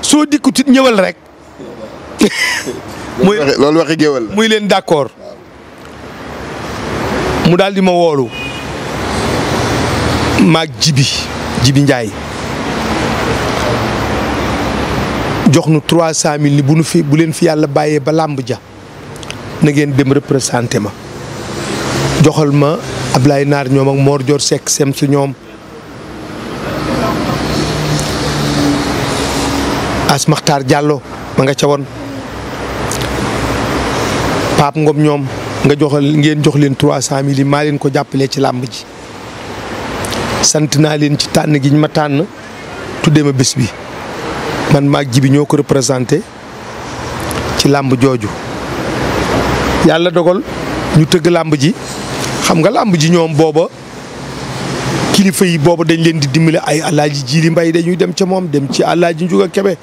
soo dikkut ñëwal rek. muy loolu waxi géwal muy leen d'accord mu daldi ma woolu maag jibi jibi njaay jox nu trois cent mille ni bu nu fi bu leen fi yàlla bàyyee ba làmb ja na ngeen dem représenté ma joxal ma Ablaye Naar ñoom ak Mor Dior Seck sem su ñoom As Makhtar jàlloo ma nga ca woon Pape Ngom ñoom nga joxal ngeen jox leen trois cent mille yi maa leen ko jàppalee ci làmb ji sant naa leen ci tànn gi ñu ma tànn tuddee ma bés bi man maag ji bi ñoo ko représenté ci làmb jooju yàlla dogal ñu tëgg làmb ji xam nga làmb ji ñoom booba kilifa yi booba dañ leen di dimbale ay alaaji Jili Mbay dañuy dem ca moom dem ci alaaji Njuga Kebe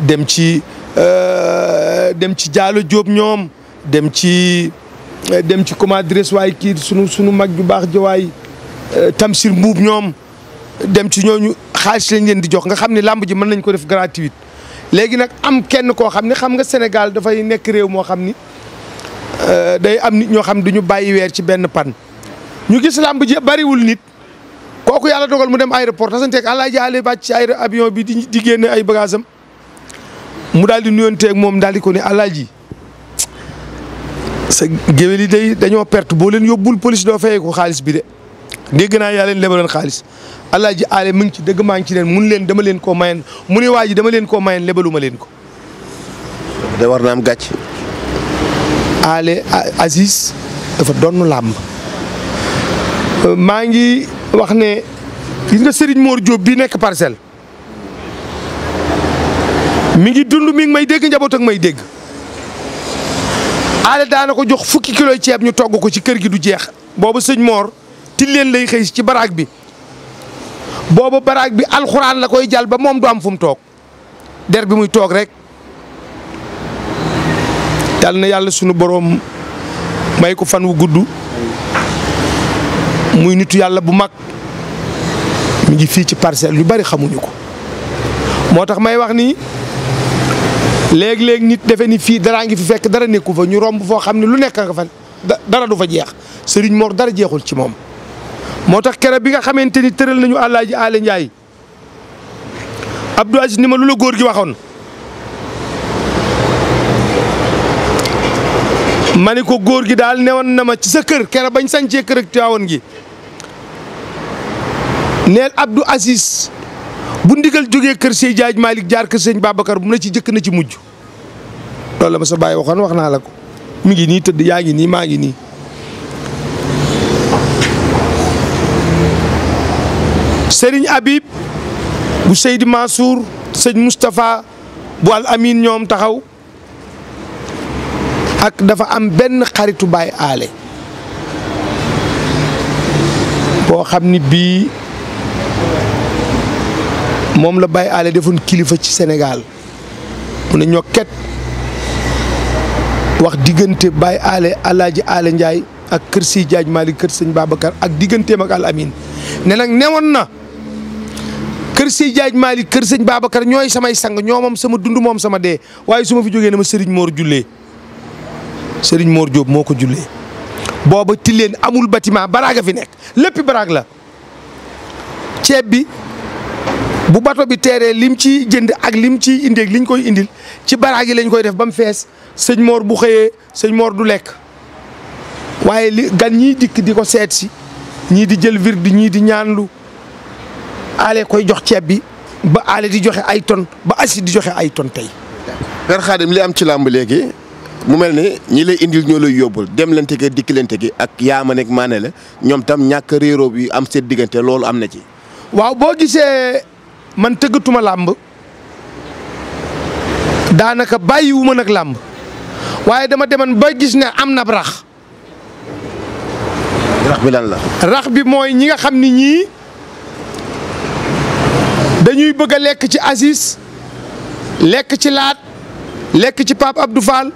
dem ci euh, dem ci Jaalo Jóob ñoom dem ci euh, dem ci comment dirais waay kii sunu sunu mag ju baax jawaay euh, Tamsir Mbuub ñoom dem ci ñooñu xaalis lañ leen di jox nga xam ne làmb ji mën nañ ko def gratuite léegi nag am kenn koo xam ne xam nga Sénégal dafay nekk réew moo xam ni Euh, day am nit ñoo xam du ñu bàyyi weer ci benn pan ñu gis làmb ji bariwul nit kooku yàlla dogal mu dem aéroport tasanteeg Alaaji Ali bàcc ci aéro avion bi di di génne ay bagages mu daal di nuyonteeg moom daal di ko ne Alaaji sa géwél yi day dañoo perte boo leen yóbbul police doo fayee ko xaalis bi de dégg naa yaa leen lebaloon xaalis Alaaji Ali mu ngi ci dëgg maa ngi ci leen mun leen dama leen koo mayen mu ne waa ji dama leen koo mayen lebaluma leen ko. da war na am gàcc. ale asis dafa donn làmb euh, maa ngi wax ne gis nga sëriñ moor Diop bi nekk parcelle mi ngi dund mi ngi may dégg njaboot ak may dégg ale daana ko jox fukki kilo ceeb ñu togg ko ci kër gi du jeex boobu sëñ Mor tilleen lay xëy ci baraag bi boobu baraag bi alxuraan la koy jàll ba moom du am fu mu toog der bi muy toog rek yàlla na yàlla sunu boroom may ko fan wu gudd muy nitu yàlla bu mag mu ngi fii ci parcelle yu bari xamuñu ko moo tax may wax ni léeg léegi nit defe ni fii daraa ngi fi fekk dara nekku fa ñu romb foo xam ne lu nekk nga fa dara du fa jeex sëriñ Mor dara jeexul ci moom moo tax kere bi nga xamante ni tëral nañu Alaaji Aale Njaay Abdou Aziz ni ma lu la góor gi waxoon ma ni ko góor gi daal newoon na ma ci sa kër kere bañ sancee kër ak Tiwaawan gi neel Abdou Aziz bu ndigal jógee kër Sey Jaaj Malick jaar kër sëñ Babacar bu mu la ci jëkk na ci mujj lool la ma sa bàyyi waxoon wax naa la ko mi ngi nii tëdd yaa ngi nii maa ngi nii Serigne Habib bu Seydi Mansour sëñ Moustapha bu Al Amin ñoom taxaw ak dafa am benn xaritu baay Alé boo xam ni bii moom la Baye Alé defoon kilifa ci Sénégal mu ne ñokket wax diggante baay Alé Alaaji Alé Ndiaye ak kër si Jaaj Malik kër sëñ Babacar ak digganteem ak Al Amin ne nag newoon na kër si Jaaj Malik kër sëñ Babacar ñooy samay sang ñoo moom sama dund moom sama dee waaye su ma fi jógee na ma Serigne Mor jullee sëriñ moor Diop moo ko jullee booba tilleen amul bâtiment baraaga fi nekk léppi baraag la ceeb bi bu bato bi teere lim ci jënd ak lim ci indi liñ koy indil ci baraag yi lañ koy def ba mu fees sëñ moor bu xëyee sëñ Mor du lekk waaye li gan ñiy dikk di ko seet ñii di jël wird ñii di ñaanlu ale koy jox ceeb bi ba ale di joxe ay ton ba assi di joxe ay ton tey. Père Khadim li am ci làmb léegi. mu mel ni ñi lay indil ñoo lay yóbbul dem lente gi dikkilante gi ak yaama nekk maane la ñoom tam ñàkk réeróo bi am seen diggante loolu am na ci. waaw boo gisee man tëggatuma làmb daanaka bàyyiwu ma nag làmb waaye dama deman ba gis ne am na rax. rax lan la. rax bi mooy ñi nga xam ni ñii dañuy bëgg a lekk ci asis lekk ci Laat lekk ci Pape Abdou Fall.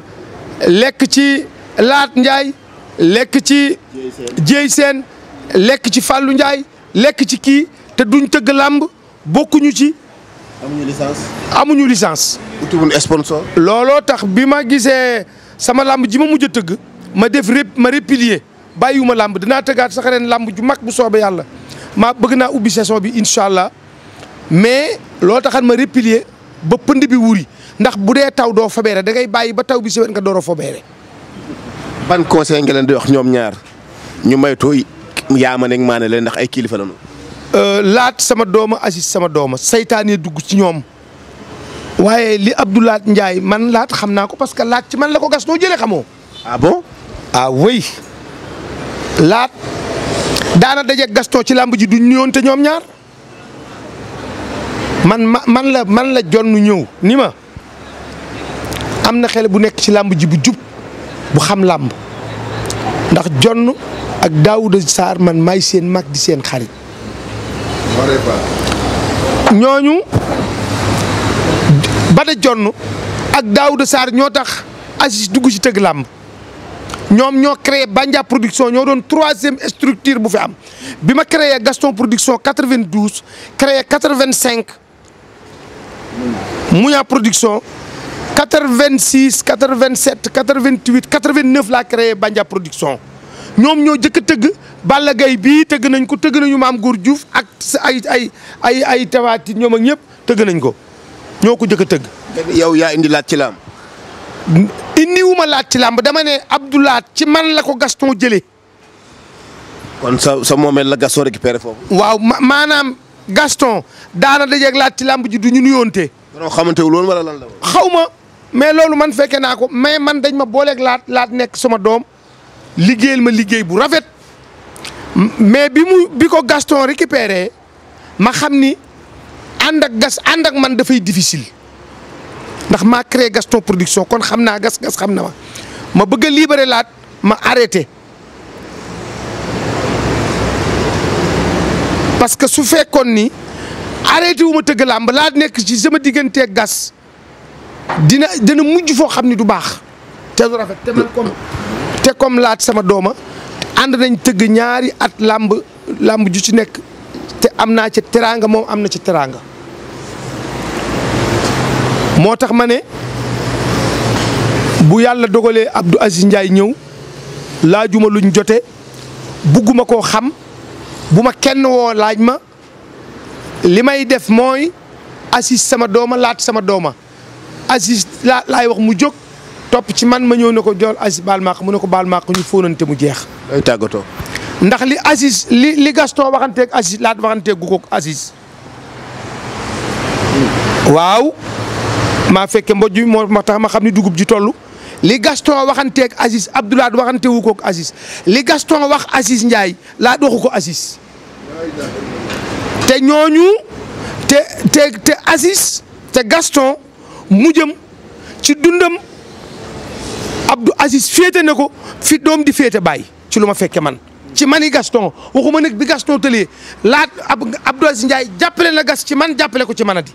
lekk ci Laat Njaay lekk ci Jéy Seen lekk ci Fàllu Njaay lekk ci kii te duñ tëgg làmb bokkuñu ci. amuñu licence. amuñu looloo tax bi ma gisee sama làmb ji ma mujj a tëgg ma def rép ma replier bàyyiwuma làmb dinaa tëggaat sax làmb ju mag bu soobe yàlla maa bëgg naa ubbi saison bi incha allah mais loo taxan ma replier ba pënd bi wuri ndax bu dee taw doo fobeere da ngay bàyyi ba taw bi si wet nga door a fobeere ban conseil nga leen di wax ñoom ñaar ñu maytoo yaama nekk maa ne leen ndax ay kilifa lañu euh, laat sama dooma Aziz sama dooma seytaane dugg ci ñoom waaye li Abdoulaat njaay man laat xam naa ko parce que laat ci man la ko gas noo jëlee xamoo. ah bon ah oui laat daana daje gastoo ci làmb ji du ñëwoon te ñoom ñaar man man la man la jonn ñëw ni ma. am na xele bu nekk ci làmb ji bu jub bu xam làmb ndax jonn ak Daouda Sarr man may seen mag di seen xarit ñooñu Bada Jonn ak Daouda Sarr ñoo tax Aziz dugg ci tëgg làmb ñoom ñoo créer Bandia production ñoo doon troisième structure bu fi am bi ma créé Gaston production 92 créé 85 Mouya production vingt 86 87 88 89 laa créé Bandia production ñoom ñoo jëkk a tëgg Balla gay bii tëgg nañ ko tëgg nañu Maam Góor juuf ak ay ay ay ay tawaati ñoom ak ñëpp tëgg nañ ko ñoo ko jëkk tëgg. yow yaa indi laat ci làmb. indiwuma laat ci làmb dama ne Abdou Lahat ci man la ko Gaston jëlee. kon sa sa moomeel la Gaston récupéré foofu. waaw maanaam Gaston daana dajeeg laat ci làmb ji du ñu nuyoonte. xamante wu loon wala lan la xaw ma. mais loolu man fekke naa ko mais man dañ ma booleek laat laat nekk sama doom liggéeyal ma liggéey bu rafet mais bi mu bi ko Gaston récupéré ma xam ni ànd ak gas ànd ak man dafay difficile ndax maa créé Gaston production kon xam naa gas gas xam na ma ma bëgg a libéré laat ma arrêté parce que su fekkoon ni arrêté wu ma tëgg làmb laa nekk ci sama digganteeg gas dina dina mujj foo xam ni du baax te du comme laat sama dooma ànd nañ tëgg ñaari at làmb làmb ju ci nekk te am naa ca teraanga moom am na ci teraanga moo tax ma ne bu yàlla dogalee Abdou Aziz Ndiaye ñëw laajuma luñ jote bugguma koo xam bu ma kenn woo laaj ma li may def mooy Aziz sama dooma laat sama dooma Aziz laa laay wax mu jóg top ci man ma ñëw ne ko jool Aziz baal maaq mu ne ko baal maaq ñu fóonante mu jeex. tàggatoo. ndax li asis li li Gaston waxanteeg Aziz laat waxanteeg gu ko asis waaw maa fekke mboj mi moo ma xam ni dugub ji toll li Gaston waxanteeg Aziz Abdoulaye waxante wu koog Aziz li Gaston wax Aziz Ndiaye laat waxu ko Aziz te ñooñu te te te te Gaston. mujjam ci dundam Abdou Aziz féete na ko fi doom di féete bàyyi ci lu ma fekke man ci mani Gaston waxuma nag bi Gaston tëlee laat ab Abdou Aziz Ndiaye jàppale na gas ci man jàppale ko ci man a di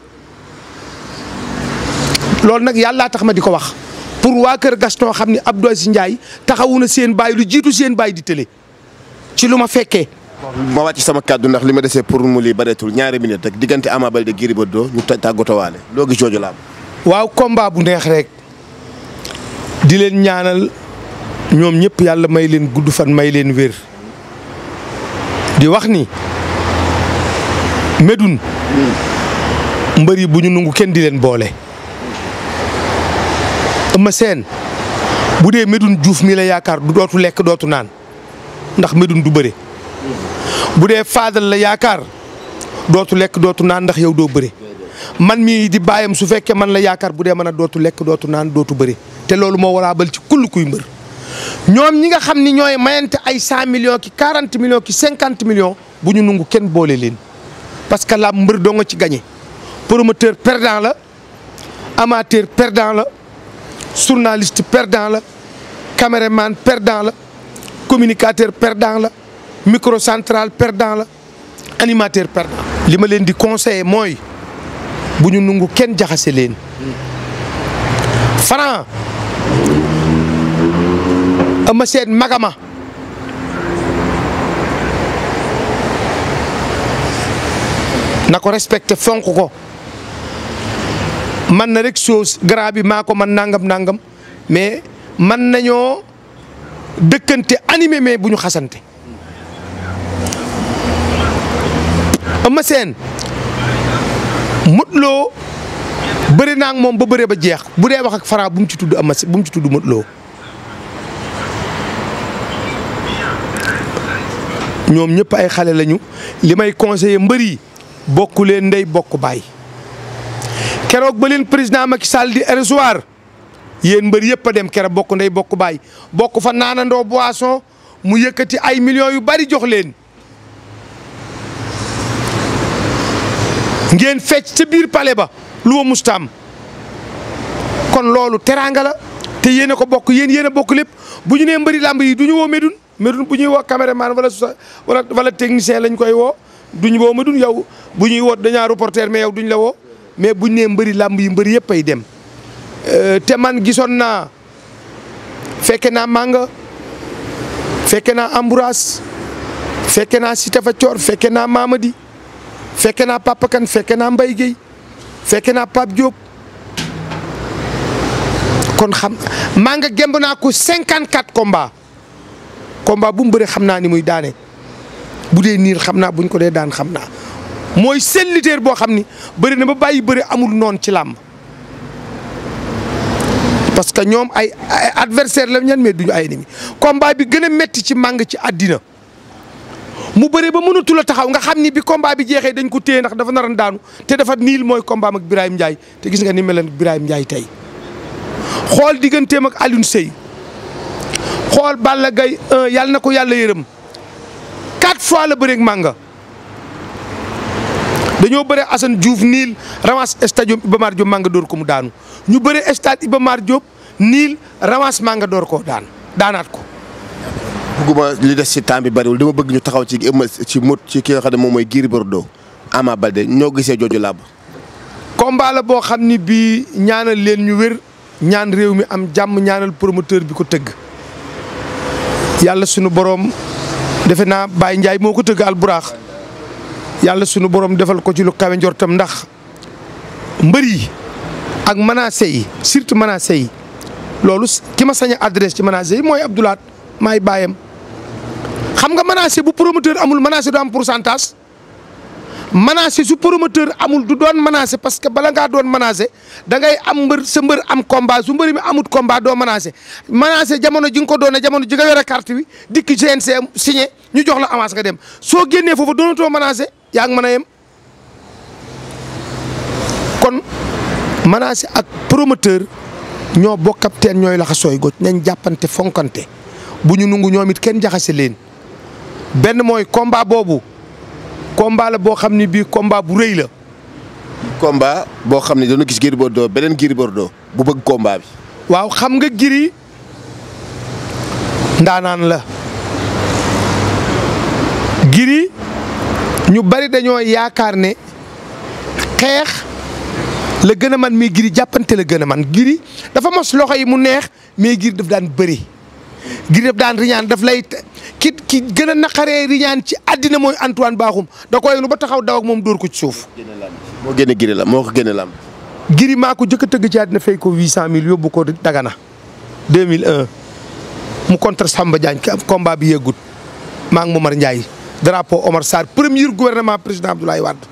loolu nag yàllaa tax ma di ko wax pour waa kër Gaston xam ne Abdou Aziz Ndiaye taxawu na seen baay lu jiitu seen baay di tële ci lu ma fekkee. ma wàcc sama kàddu ndax li ma desee pour mu li bareetul ñaari minute rek diggante Ama Baldé Gris Bordeaux ñu tàggatawaale loo gis waaw combat bu neex rek di leen ñaanal ñoom ñëpp yàlla may leen gudd fan may leen wér di wax ni Médoune mbër yi bu ñu nungu kenn di leen boole Eumeu seen bu dee Médoune Diouf mi la yaakaar du dootu lekk dootu naan ndax Médoune du bëre bu dee Fadal la yaakaar dootu lekk dootu naan ndax yow doo bëre man mii di bàyyam su fekkee man la yaakaar bu dee man a dootu lekk dootu naan dootu bëri te loolu moo war a ci kull kuy mbër ñoom ñi nga xam ni ñooy mayante ay 100 millions ki 40 millions ki 50 millions bu ñu nungu kenn boole leen parce que la mbër doo nga ci gagné promoteur perdant la amateur perdant la journaliste perdant la caméraman perdant la communicateur perdant la microcentral perdant la animateur perdant. li ma leen di conseiller mooy. bu ñu nungu kenn jaxase leen Franc Eumeu Sène magama na ko respecté fonk ko man na rek chose grand bi maa ko man nangam nangam mais man nañoo dëkkante animé mais bu ñu xasante Eumeu Sène Modou Lo bëri naa moom ba bëree ba jeex bu dee wax ak Franc bu mu ci tudd Ama bu mu ci tudd Modou Lo ñoom ñëpp ay xale lañu li may conseiller mbër yi bokk leen ndey bokk baay keroog ba leen président Macky Sall di recevoir yéen mbër yëpp a dem keroog bokk ndey bokk baay bokk fa naanandoo boisson mu yëkkati ay millions yu bari jox leen. ngeen fecc ca biir pale ba lu ma mustaam kon loolu teraanga la te yéen ko bokk yéen yéen a bokk lépp bu ñu nee mbëri làmb yi du ñu woo Médoune Médoune bu ñuy woo caméraman wala wala wala technicien lañ koy woo du woo Médoune yow bu ñuy woo dañaa reporter mais yow duñu la woo mais bu ñu nee mbëri làmb yi mbëri yëpp ay dem. Euh, te man gisoon naa fekke na Manga fekke naa Ambroise fekke naa Sitafa Thior fekke naa maamadi fekke naa Papa Kane fekke naa mbay Guèye fekke naa Pape Diop kon xam maa nga gemb naa ko 54 combats combat bu mu bëree xam naa ni muy daane bu dee niir xam naa buñ ko dee daan xam naa mooy seen lutteur boo xam ni bëri na ba bàyyi bëri amul noon ci làmb parce que ñoom ay adversaire la ñan mais duñu ay ennemi combat bi gën a metti ci màng ci àddina mu bëre ba mënatul a taxaw nga xam ni bi combat bi jeexee dañ ko téye ndax dafa naroon daanu te dafa niil mooy combat ak Birahim Ndiaye te gis nga ni mel ne Birahim tey xool digganteem ak Alioune sey xool Balla Gaye 1 na ko yàlla yërëm quatre fois la bëreeg mànga dañoo bëre Assane Diouf niil ramas stadium Iba Mar Diop mànga door ko mu daanu ñu bëre stade Iba Mar Diop niil rawans mànga door ko daan daanaat ko. bëgguma lii des ci temps bi bariwul dama bëgg ñu taxaw ci ci mot ci ki nga xam ne moom mooy Gris Bordeaux Ama Baldé ñoo gisee jooju làmb combat la boo xam ni bii ñaanal leen ñu wér ñaan réew mi am jàmm ñaanal promoteur bi ko tëgg yàlla sunu boroom defe naa Baye njaay moo ko tëgg alburaax yàlla sunu borom defal ko ci lu kawe njortam ndax mbër yi ak menacé yi surtout menacé yi loolu ki ma sañ a ci menacé yi mooy Abdoulaat maay baayam xam nga menacé bu promoteur amul menacé du am pourcentage menacé su promoteur amul du doon menacé parce que bala ngaa doon menacé dangay am mbër sa am combat su mbër mi amut combat doo menacé menacé jamono ji nga ko doon jamono ji nga yore carte bi dikk GNC signé ñu jox la avance nga dem soo génnee foofu doonatoo menacé yaa ngi mën a yem kon menacé ak promoteur ñoo bokk ab teen ñooy laxa sooy goj nañ jàppante fonkante bu ñu nungu ñoom it kenn jaxase leen. benn mooy combat boobu komba la boo xam ni bii combat bu rëy la. komba boo xam ne dañu gis Gris doo beneen Gris Bordeaux bu bëgg combat bi. waaw xam nga Gris ndaanaan la Gris ñu bari dañoo yaakaar ne xeex la gën a man mais Gris jàppante la gën a man Gris dafa mos loxo yi mu neex mais giir daf daan bari Girib daan riñaan daf lay ki ki gën a naqaree riñaan ci àddina mooy Antoine baaxum da koy lu ba taxaw daw moom dóor ko ci suuf. moo génne Giri la moo ko génne lam Giri maa ko jëkk a tëgg ci àddina fay ko 800000 yóbbu ko Dagana 2001 mu contre Samba Diagne combat bi yeggut maa ngi Momar Ndiaye drapeau Omar Sarr premier gouvernement président Abdoulaye Wade.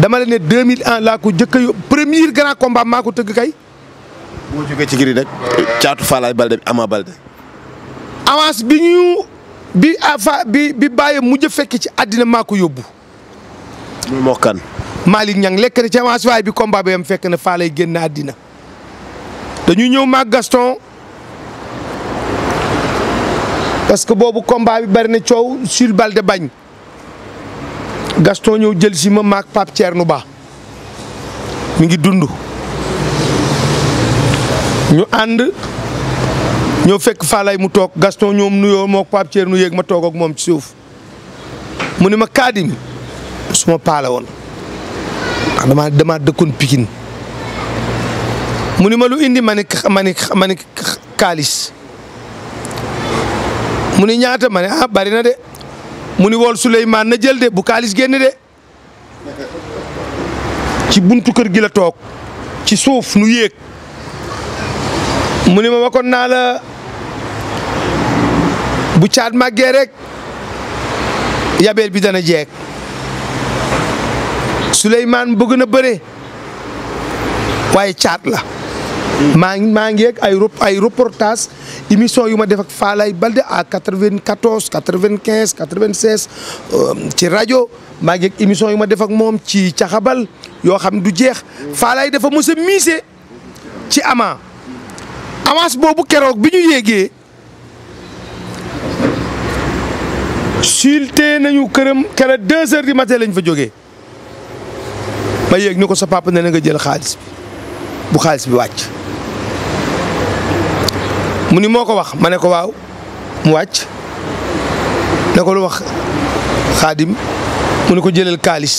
dama la ne 2001 laa ko jëkk a yób premier grand combat maa tëgg kay. boo jógee ci giri caatu Faalaay Balde Ama Balde. avance bi ñu bi afa bi bi mujj fekk ci àddina maa ko yóbbu. muy mokkan. Malick Niang lekk na ci avance waaye bi combat bi am fekk na Faalaay génn àddina dañuy ñëw maag Gaston parce que boobu combat bi bari na coow sur Balde bañ Gaston ñëw jël si ma maag Pape Thierno Ba mi ngi dund. ñu ànd ñoo fekk Falaye mu toog Gaston ñoom nuyoo moo Pape Thierno yéeg ma toog ak moom ci suuf mu ni ma Khadim suma paala woon ndax dëkkoon Pikine mu ni ma lu indi ma ni ma kaalis mu ni ñaata ma ah bari na de mu ni wool Souleymane na jël de bu kaalis génn de ci buntu kër gi la toog ci suuf nu yéeg mu ni ma waxoon naa la bu caat màggee rek yabeel bi dana jeeg Souleymane bëgg na bëre waaye caat la maa ngi maa ngi ay ay reportage émission yu ma def ak Falaye Balde à 94 95 96 ci rajo maa ngi émission yu ma def ak moom ci caxabal yoo xam du jeex Falaye dafa mos miise ci ama Hamas boobu keroog bi ñu yéegee siltee nañu këram kere deux heures du matin lañ fa jógee ma yéeg ni ko sa papa ne na nga jël xaalis bi bu xaalis bi wàcc mu ni moo ko wax ma ne ko waaw mu wàcc ne ko lu wax xaadim mu ne ko jëlal kaalis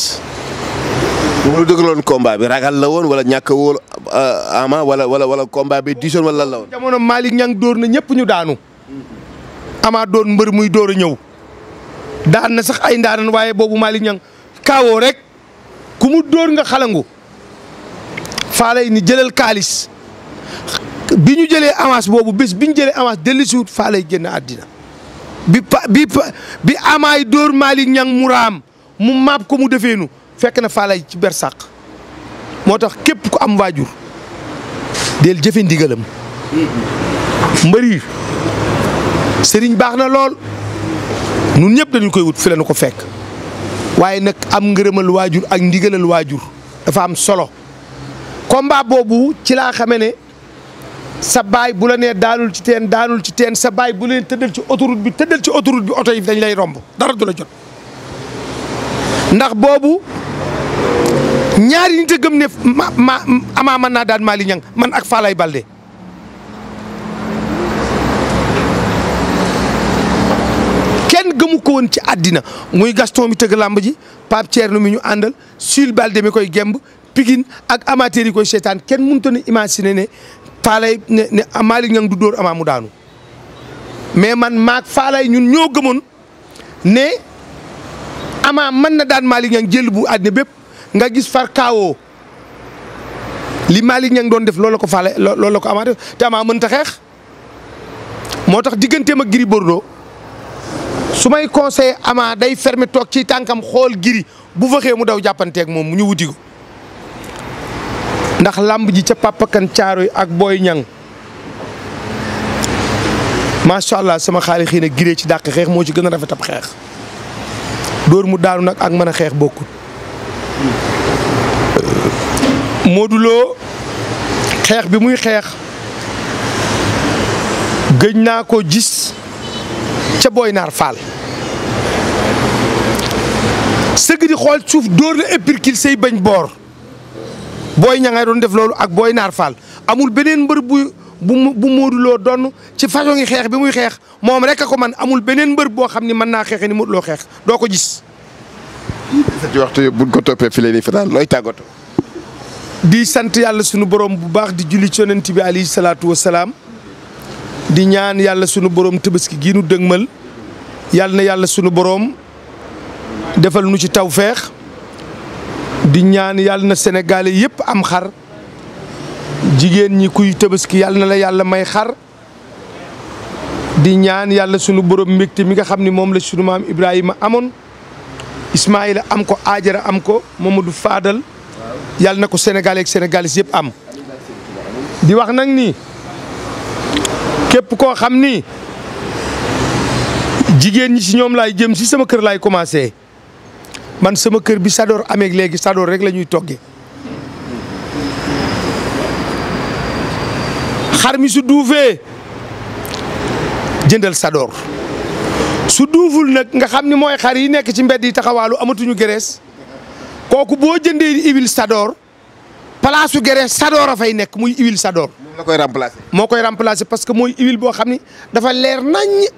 bu mu dëggaloon combat bi ragal la woon wala ñàkk a wóor euh, ama wala wala wala combat bi diisoon wala lan la woon. jamono Malick Niang dóor na ñëpp ñu daanu. amaa doon mbër muy dóor a ñëw. daan na sax ay ndaanan waaye boobu Malick Niang kaawoo rek ku mu dóor nga xalangu faalay nu jëlal kaalis bi ñu jëlee avance boobu bés bi ñu jëlee avance dellu si faalay génn àddina bi pa bi pa bi amaay dóor Malick Niang mu raam mu maab ko mu defeenu fekk na faalay ci bersàq moo tax képp ku am waajur del jëfe ndigalam mbëri sëriñ baax na lool nun ñëpp dañu koy wut fi la nu ko fekk waaye nag am ngërëmal waajur ak ndigalal waajur dafa am solo komba boobu ci laa xame ne sa baay bu la nee daanul ci teen daanul ci teen sa baay bu la nee tëddal ci autoroute bi tëddal ci autoroute bi oto yi dañ lay romb dara du la jot ndax boobu ñaari nit a gëm ne ma ma amaa mën naa daan Mali Niang man ak Falaye Balde kenn gëmu ko woon ci àddina muy Gaston mi tëgg làmb ji Pape Thierno mi ñu àndal Sul Balde mi koy gemb Pikine ak amateur yi koy seetaan kenn mënut a imaginer ne Falaye ne ne Mali Niang du dóor amaa mu daanu mais man maag Falaye ñun ñoo gëmoon ne amaa mën na daan Mali Niang jël bu àddina bépp. nga gis far kaawoo li Malick Niang doon def loolu la ko faale loolu la ko amaate te amaa ta xeex moo tax digganteem ak Gris Bordeaux su may conseillé amaa day fermer toog ci tànkam xool Gris bu fexee mu daw jàppanteeg moom mu ñu wuti ndax làmb ji ca papakan caaro yi ak Boy Niang macha allah sama xaalis xëy na Gris ci dàq xeex moo ci gën a rafet ab xeex dóor mu daanu nag ak mën a xeex bokkut Modou xeex bi muy xeex gëj naa ko gis ca Boy Naar Fall sëgg di xool suuf dóor la épirkil say bañ boor booy ña ngay doon def loolu ak Boy Naar Fall amul beneen mbër bu bu bu ci façon yi xeex bi muy xeex moom rekk a ko man amul beneen mbër boo xam ni mën naa xeexe ni Modou xeex doo ko gis ci waxtu ko toppee fi lay fanaan looy tàggatoo. di sant yàlla sunu boroom bu baax di julli ci yonent bi alayhi salaatu wa salaam di ñaan yàlla sunu boroom tabaski giinu nu dëgmal yàlla na yàlla sunu boroom defal nu ci tawféex di ñaan yàlla na Sénégalais yëpp am xar jigéen ñi kuy tabaski yàlla na la yàlla may xar. di ñaan yàlla sunu borom mbégte mi nga xam ni moom la sunu maam Ibrahima amoon. Ismaïla am ko Aajara am ko moom Mamadou Fadal yàlla na ko sénégalais ak sénégalais yëpp am di wax nag ni képp koo xam ni jigéen ñi si ñoom laay jëm si sama kër laay commencé man sama kër bi sadoor amee léegi Sador rek la ñuy toggee xar mi su duufee jëndal Sador. su duuful nag nga xam ni mooy xar yi nekk ci mbedd yi taxawaalu amatuñu gerees kooku boo jëndee huile Sador place su gerees Sador a fay nekk muy huile Sador. moom la koy remplacer. moo koy remplacer parce que mooy huile boo xam ni dafa leer nañ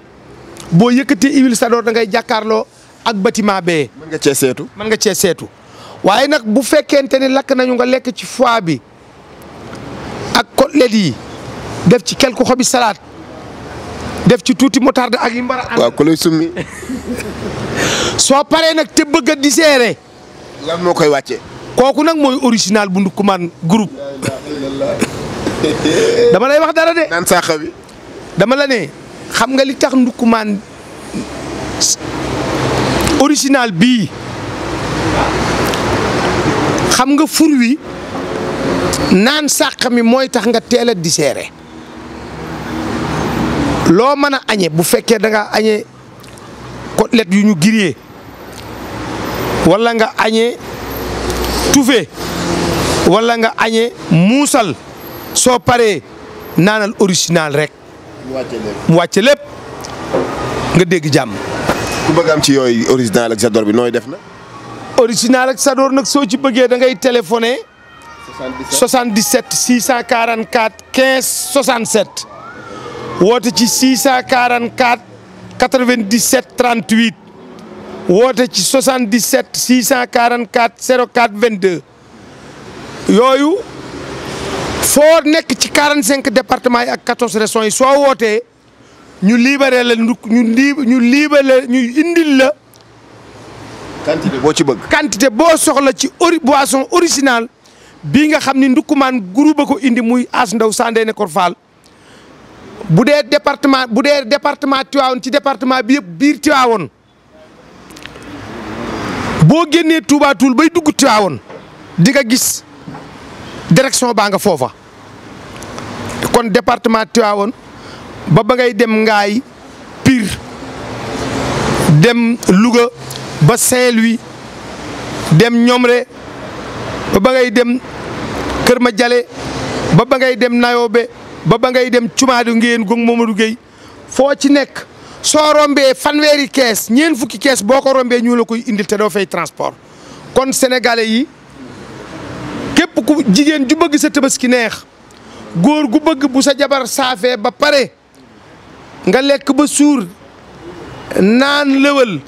boo yëkkatee huile Sador da ngay jàkkaarloo ak bâtiment bee. mën nga cee seetu mën nga cee seetu. waaye nag bu fekkente ni lakk nañu nga lekk ci foie bi ak côtelette yi def ci quelque xobi salaat def ci tuuti moutarde ak yi mbar a. waaw ku summi. soo paree nag te bëgg a di seere. lan moo koy wàccee. kooku nag mooy original bu Ndoukoumane groupe. dama lay wax dara de. naan saaxa bi. dama la ne xam nga li tax Ndoukoumane original bii xam nga fur wi naan sàq mi mooy tax nga teel di seere loo mën a añe bu fekkee danga nga añee côtelette yu ñu grillé walla nga añee tufe wala nga añe muusal soo paree naanal original rek. mu wàcce lépp nga dégg jàmm. ku bëgg am ci yooyu original ak Zador bi nooy def na. original ak Zador nag soo ci bëggee da ngay téléphoné. 77 77 644 15 67. woote ci 644 97 38 woote ci 77 644 vingt 22 yooyu foo nekk ci 45 départements yi ak 14 régions yi soo woote ñu libéré la ñu li ñu libéré ñu indil la. quantité boo ci bëgg. quantité boo soxla ci ori boisson originale bii nga xam ni ndukkumaan groupe ko indi muy as ndaw sandee nekkoor faal. bu dee département bu dee département Tivaouane ci département bi yëpp biir Tivaouane boo génnee Touba Toul bay dugg Tivaouane di nga gis direction baa nga foofa kon département Tivaouane ba ba ngay dem Ngaay Pire dem Louga ba Saint-Louis dem Ñomre ba ba ngay dem Kër Madiabel ba ba ngay dem Nayobe ba ba ngay dem cumaadu ngeen gong Mamadou Gueye foo ci nekk soo rombee fanweeri kees ñeen fukki kees boo ko rombee ñu la koy indi te doo fay transport kon sénégalais yi képp ku jigéen ju bëgg sa tabaski neex góor gu bëgg bu sa jabar saafee ba pare nga lekk ba suur naan lëwal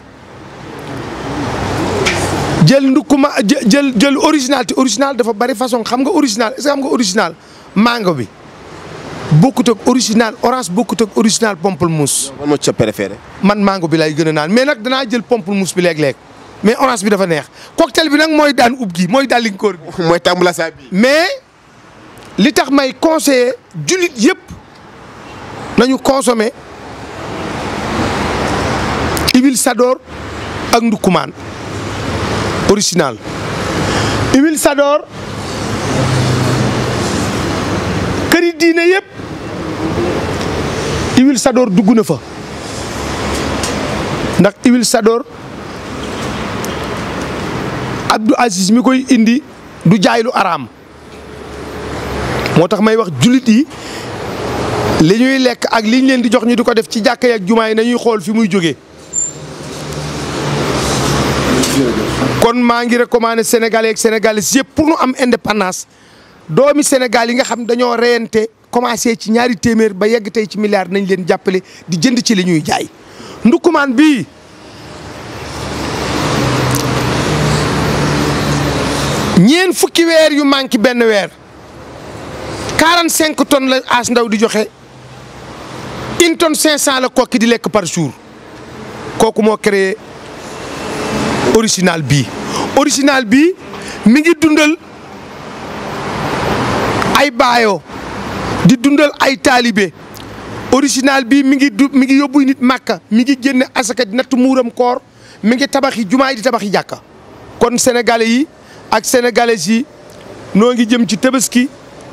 jël ndukkuma jël jël original te original dafa bari façon xam nga original est xam nga original mango bi bokkut ak original orange bokkut ak original pamplemousse. man moo ci man mango bi lay gën a naan mais nag danaa jël pamplemousse bi léeg-léeg mais orange bi dafa neex cocktail bi nag mooy daan ub gi mooy dàllinkoor bi. mooy tàmbala saa bi. mais li tax may conseiller jullit yëpp nañu consommer huile Sador ak ndukumaan original huile Sador këri diine yëpp. huile Sador dugg na fa ndax huile Sador Abdou Aziz mi koy indi du jaaylu araam moo tax may wax jullit yi li ñuy lekk ak liñ leen di jox ñi di ko def ci jàkka ak jumaa yi nañuy xool fi muy jóge kon maa ngi recommander sénégalais ak sénégalaises yëpp pour nu am indépendance doomi Sénégal yi nga xam dañoo reyante. commencé ci ñaari téeméer ba yegg tey ci milliard nañ leen jàppale di jënd ci li ñuy jaay ndukumaan bii ñeen fukki weer yu manqué benn weer 45 tonnes la as ndaw di joxe une tonne 500 la kokki di lekk par jour kooku moo créé original bii original bii mi ngi dundal ay baayo di dundal ay taalibe original bi mi ngi du mi ngi yóbbu nit màkka mi ngi génne asaka di natt muuram koor mi ngi tabaxi jumaa yi di tabaxi jàkka kon sénégalais yi ak sénégalaises yi noo ngi jëm ci tabaski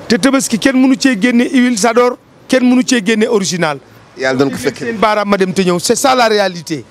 te tabaski kenn mënu cee génne huile Sador kenn munu cee génne original. yàlla dañ ko fekkee seen baaraam ma dem te ñëw c'est ça la réalité.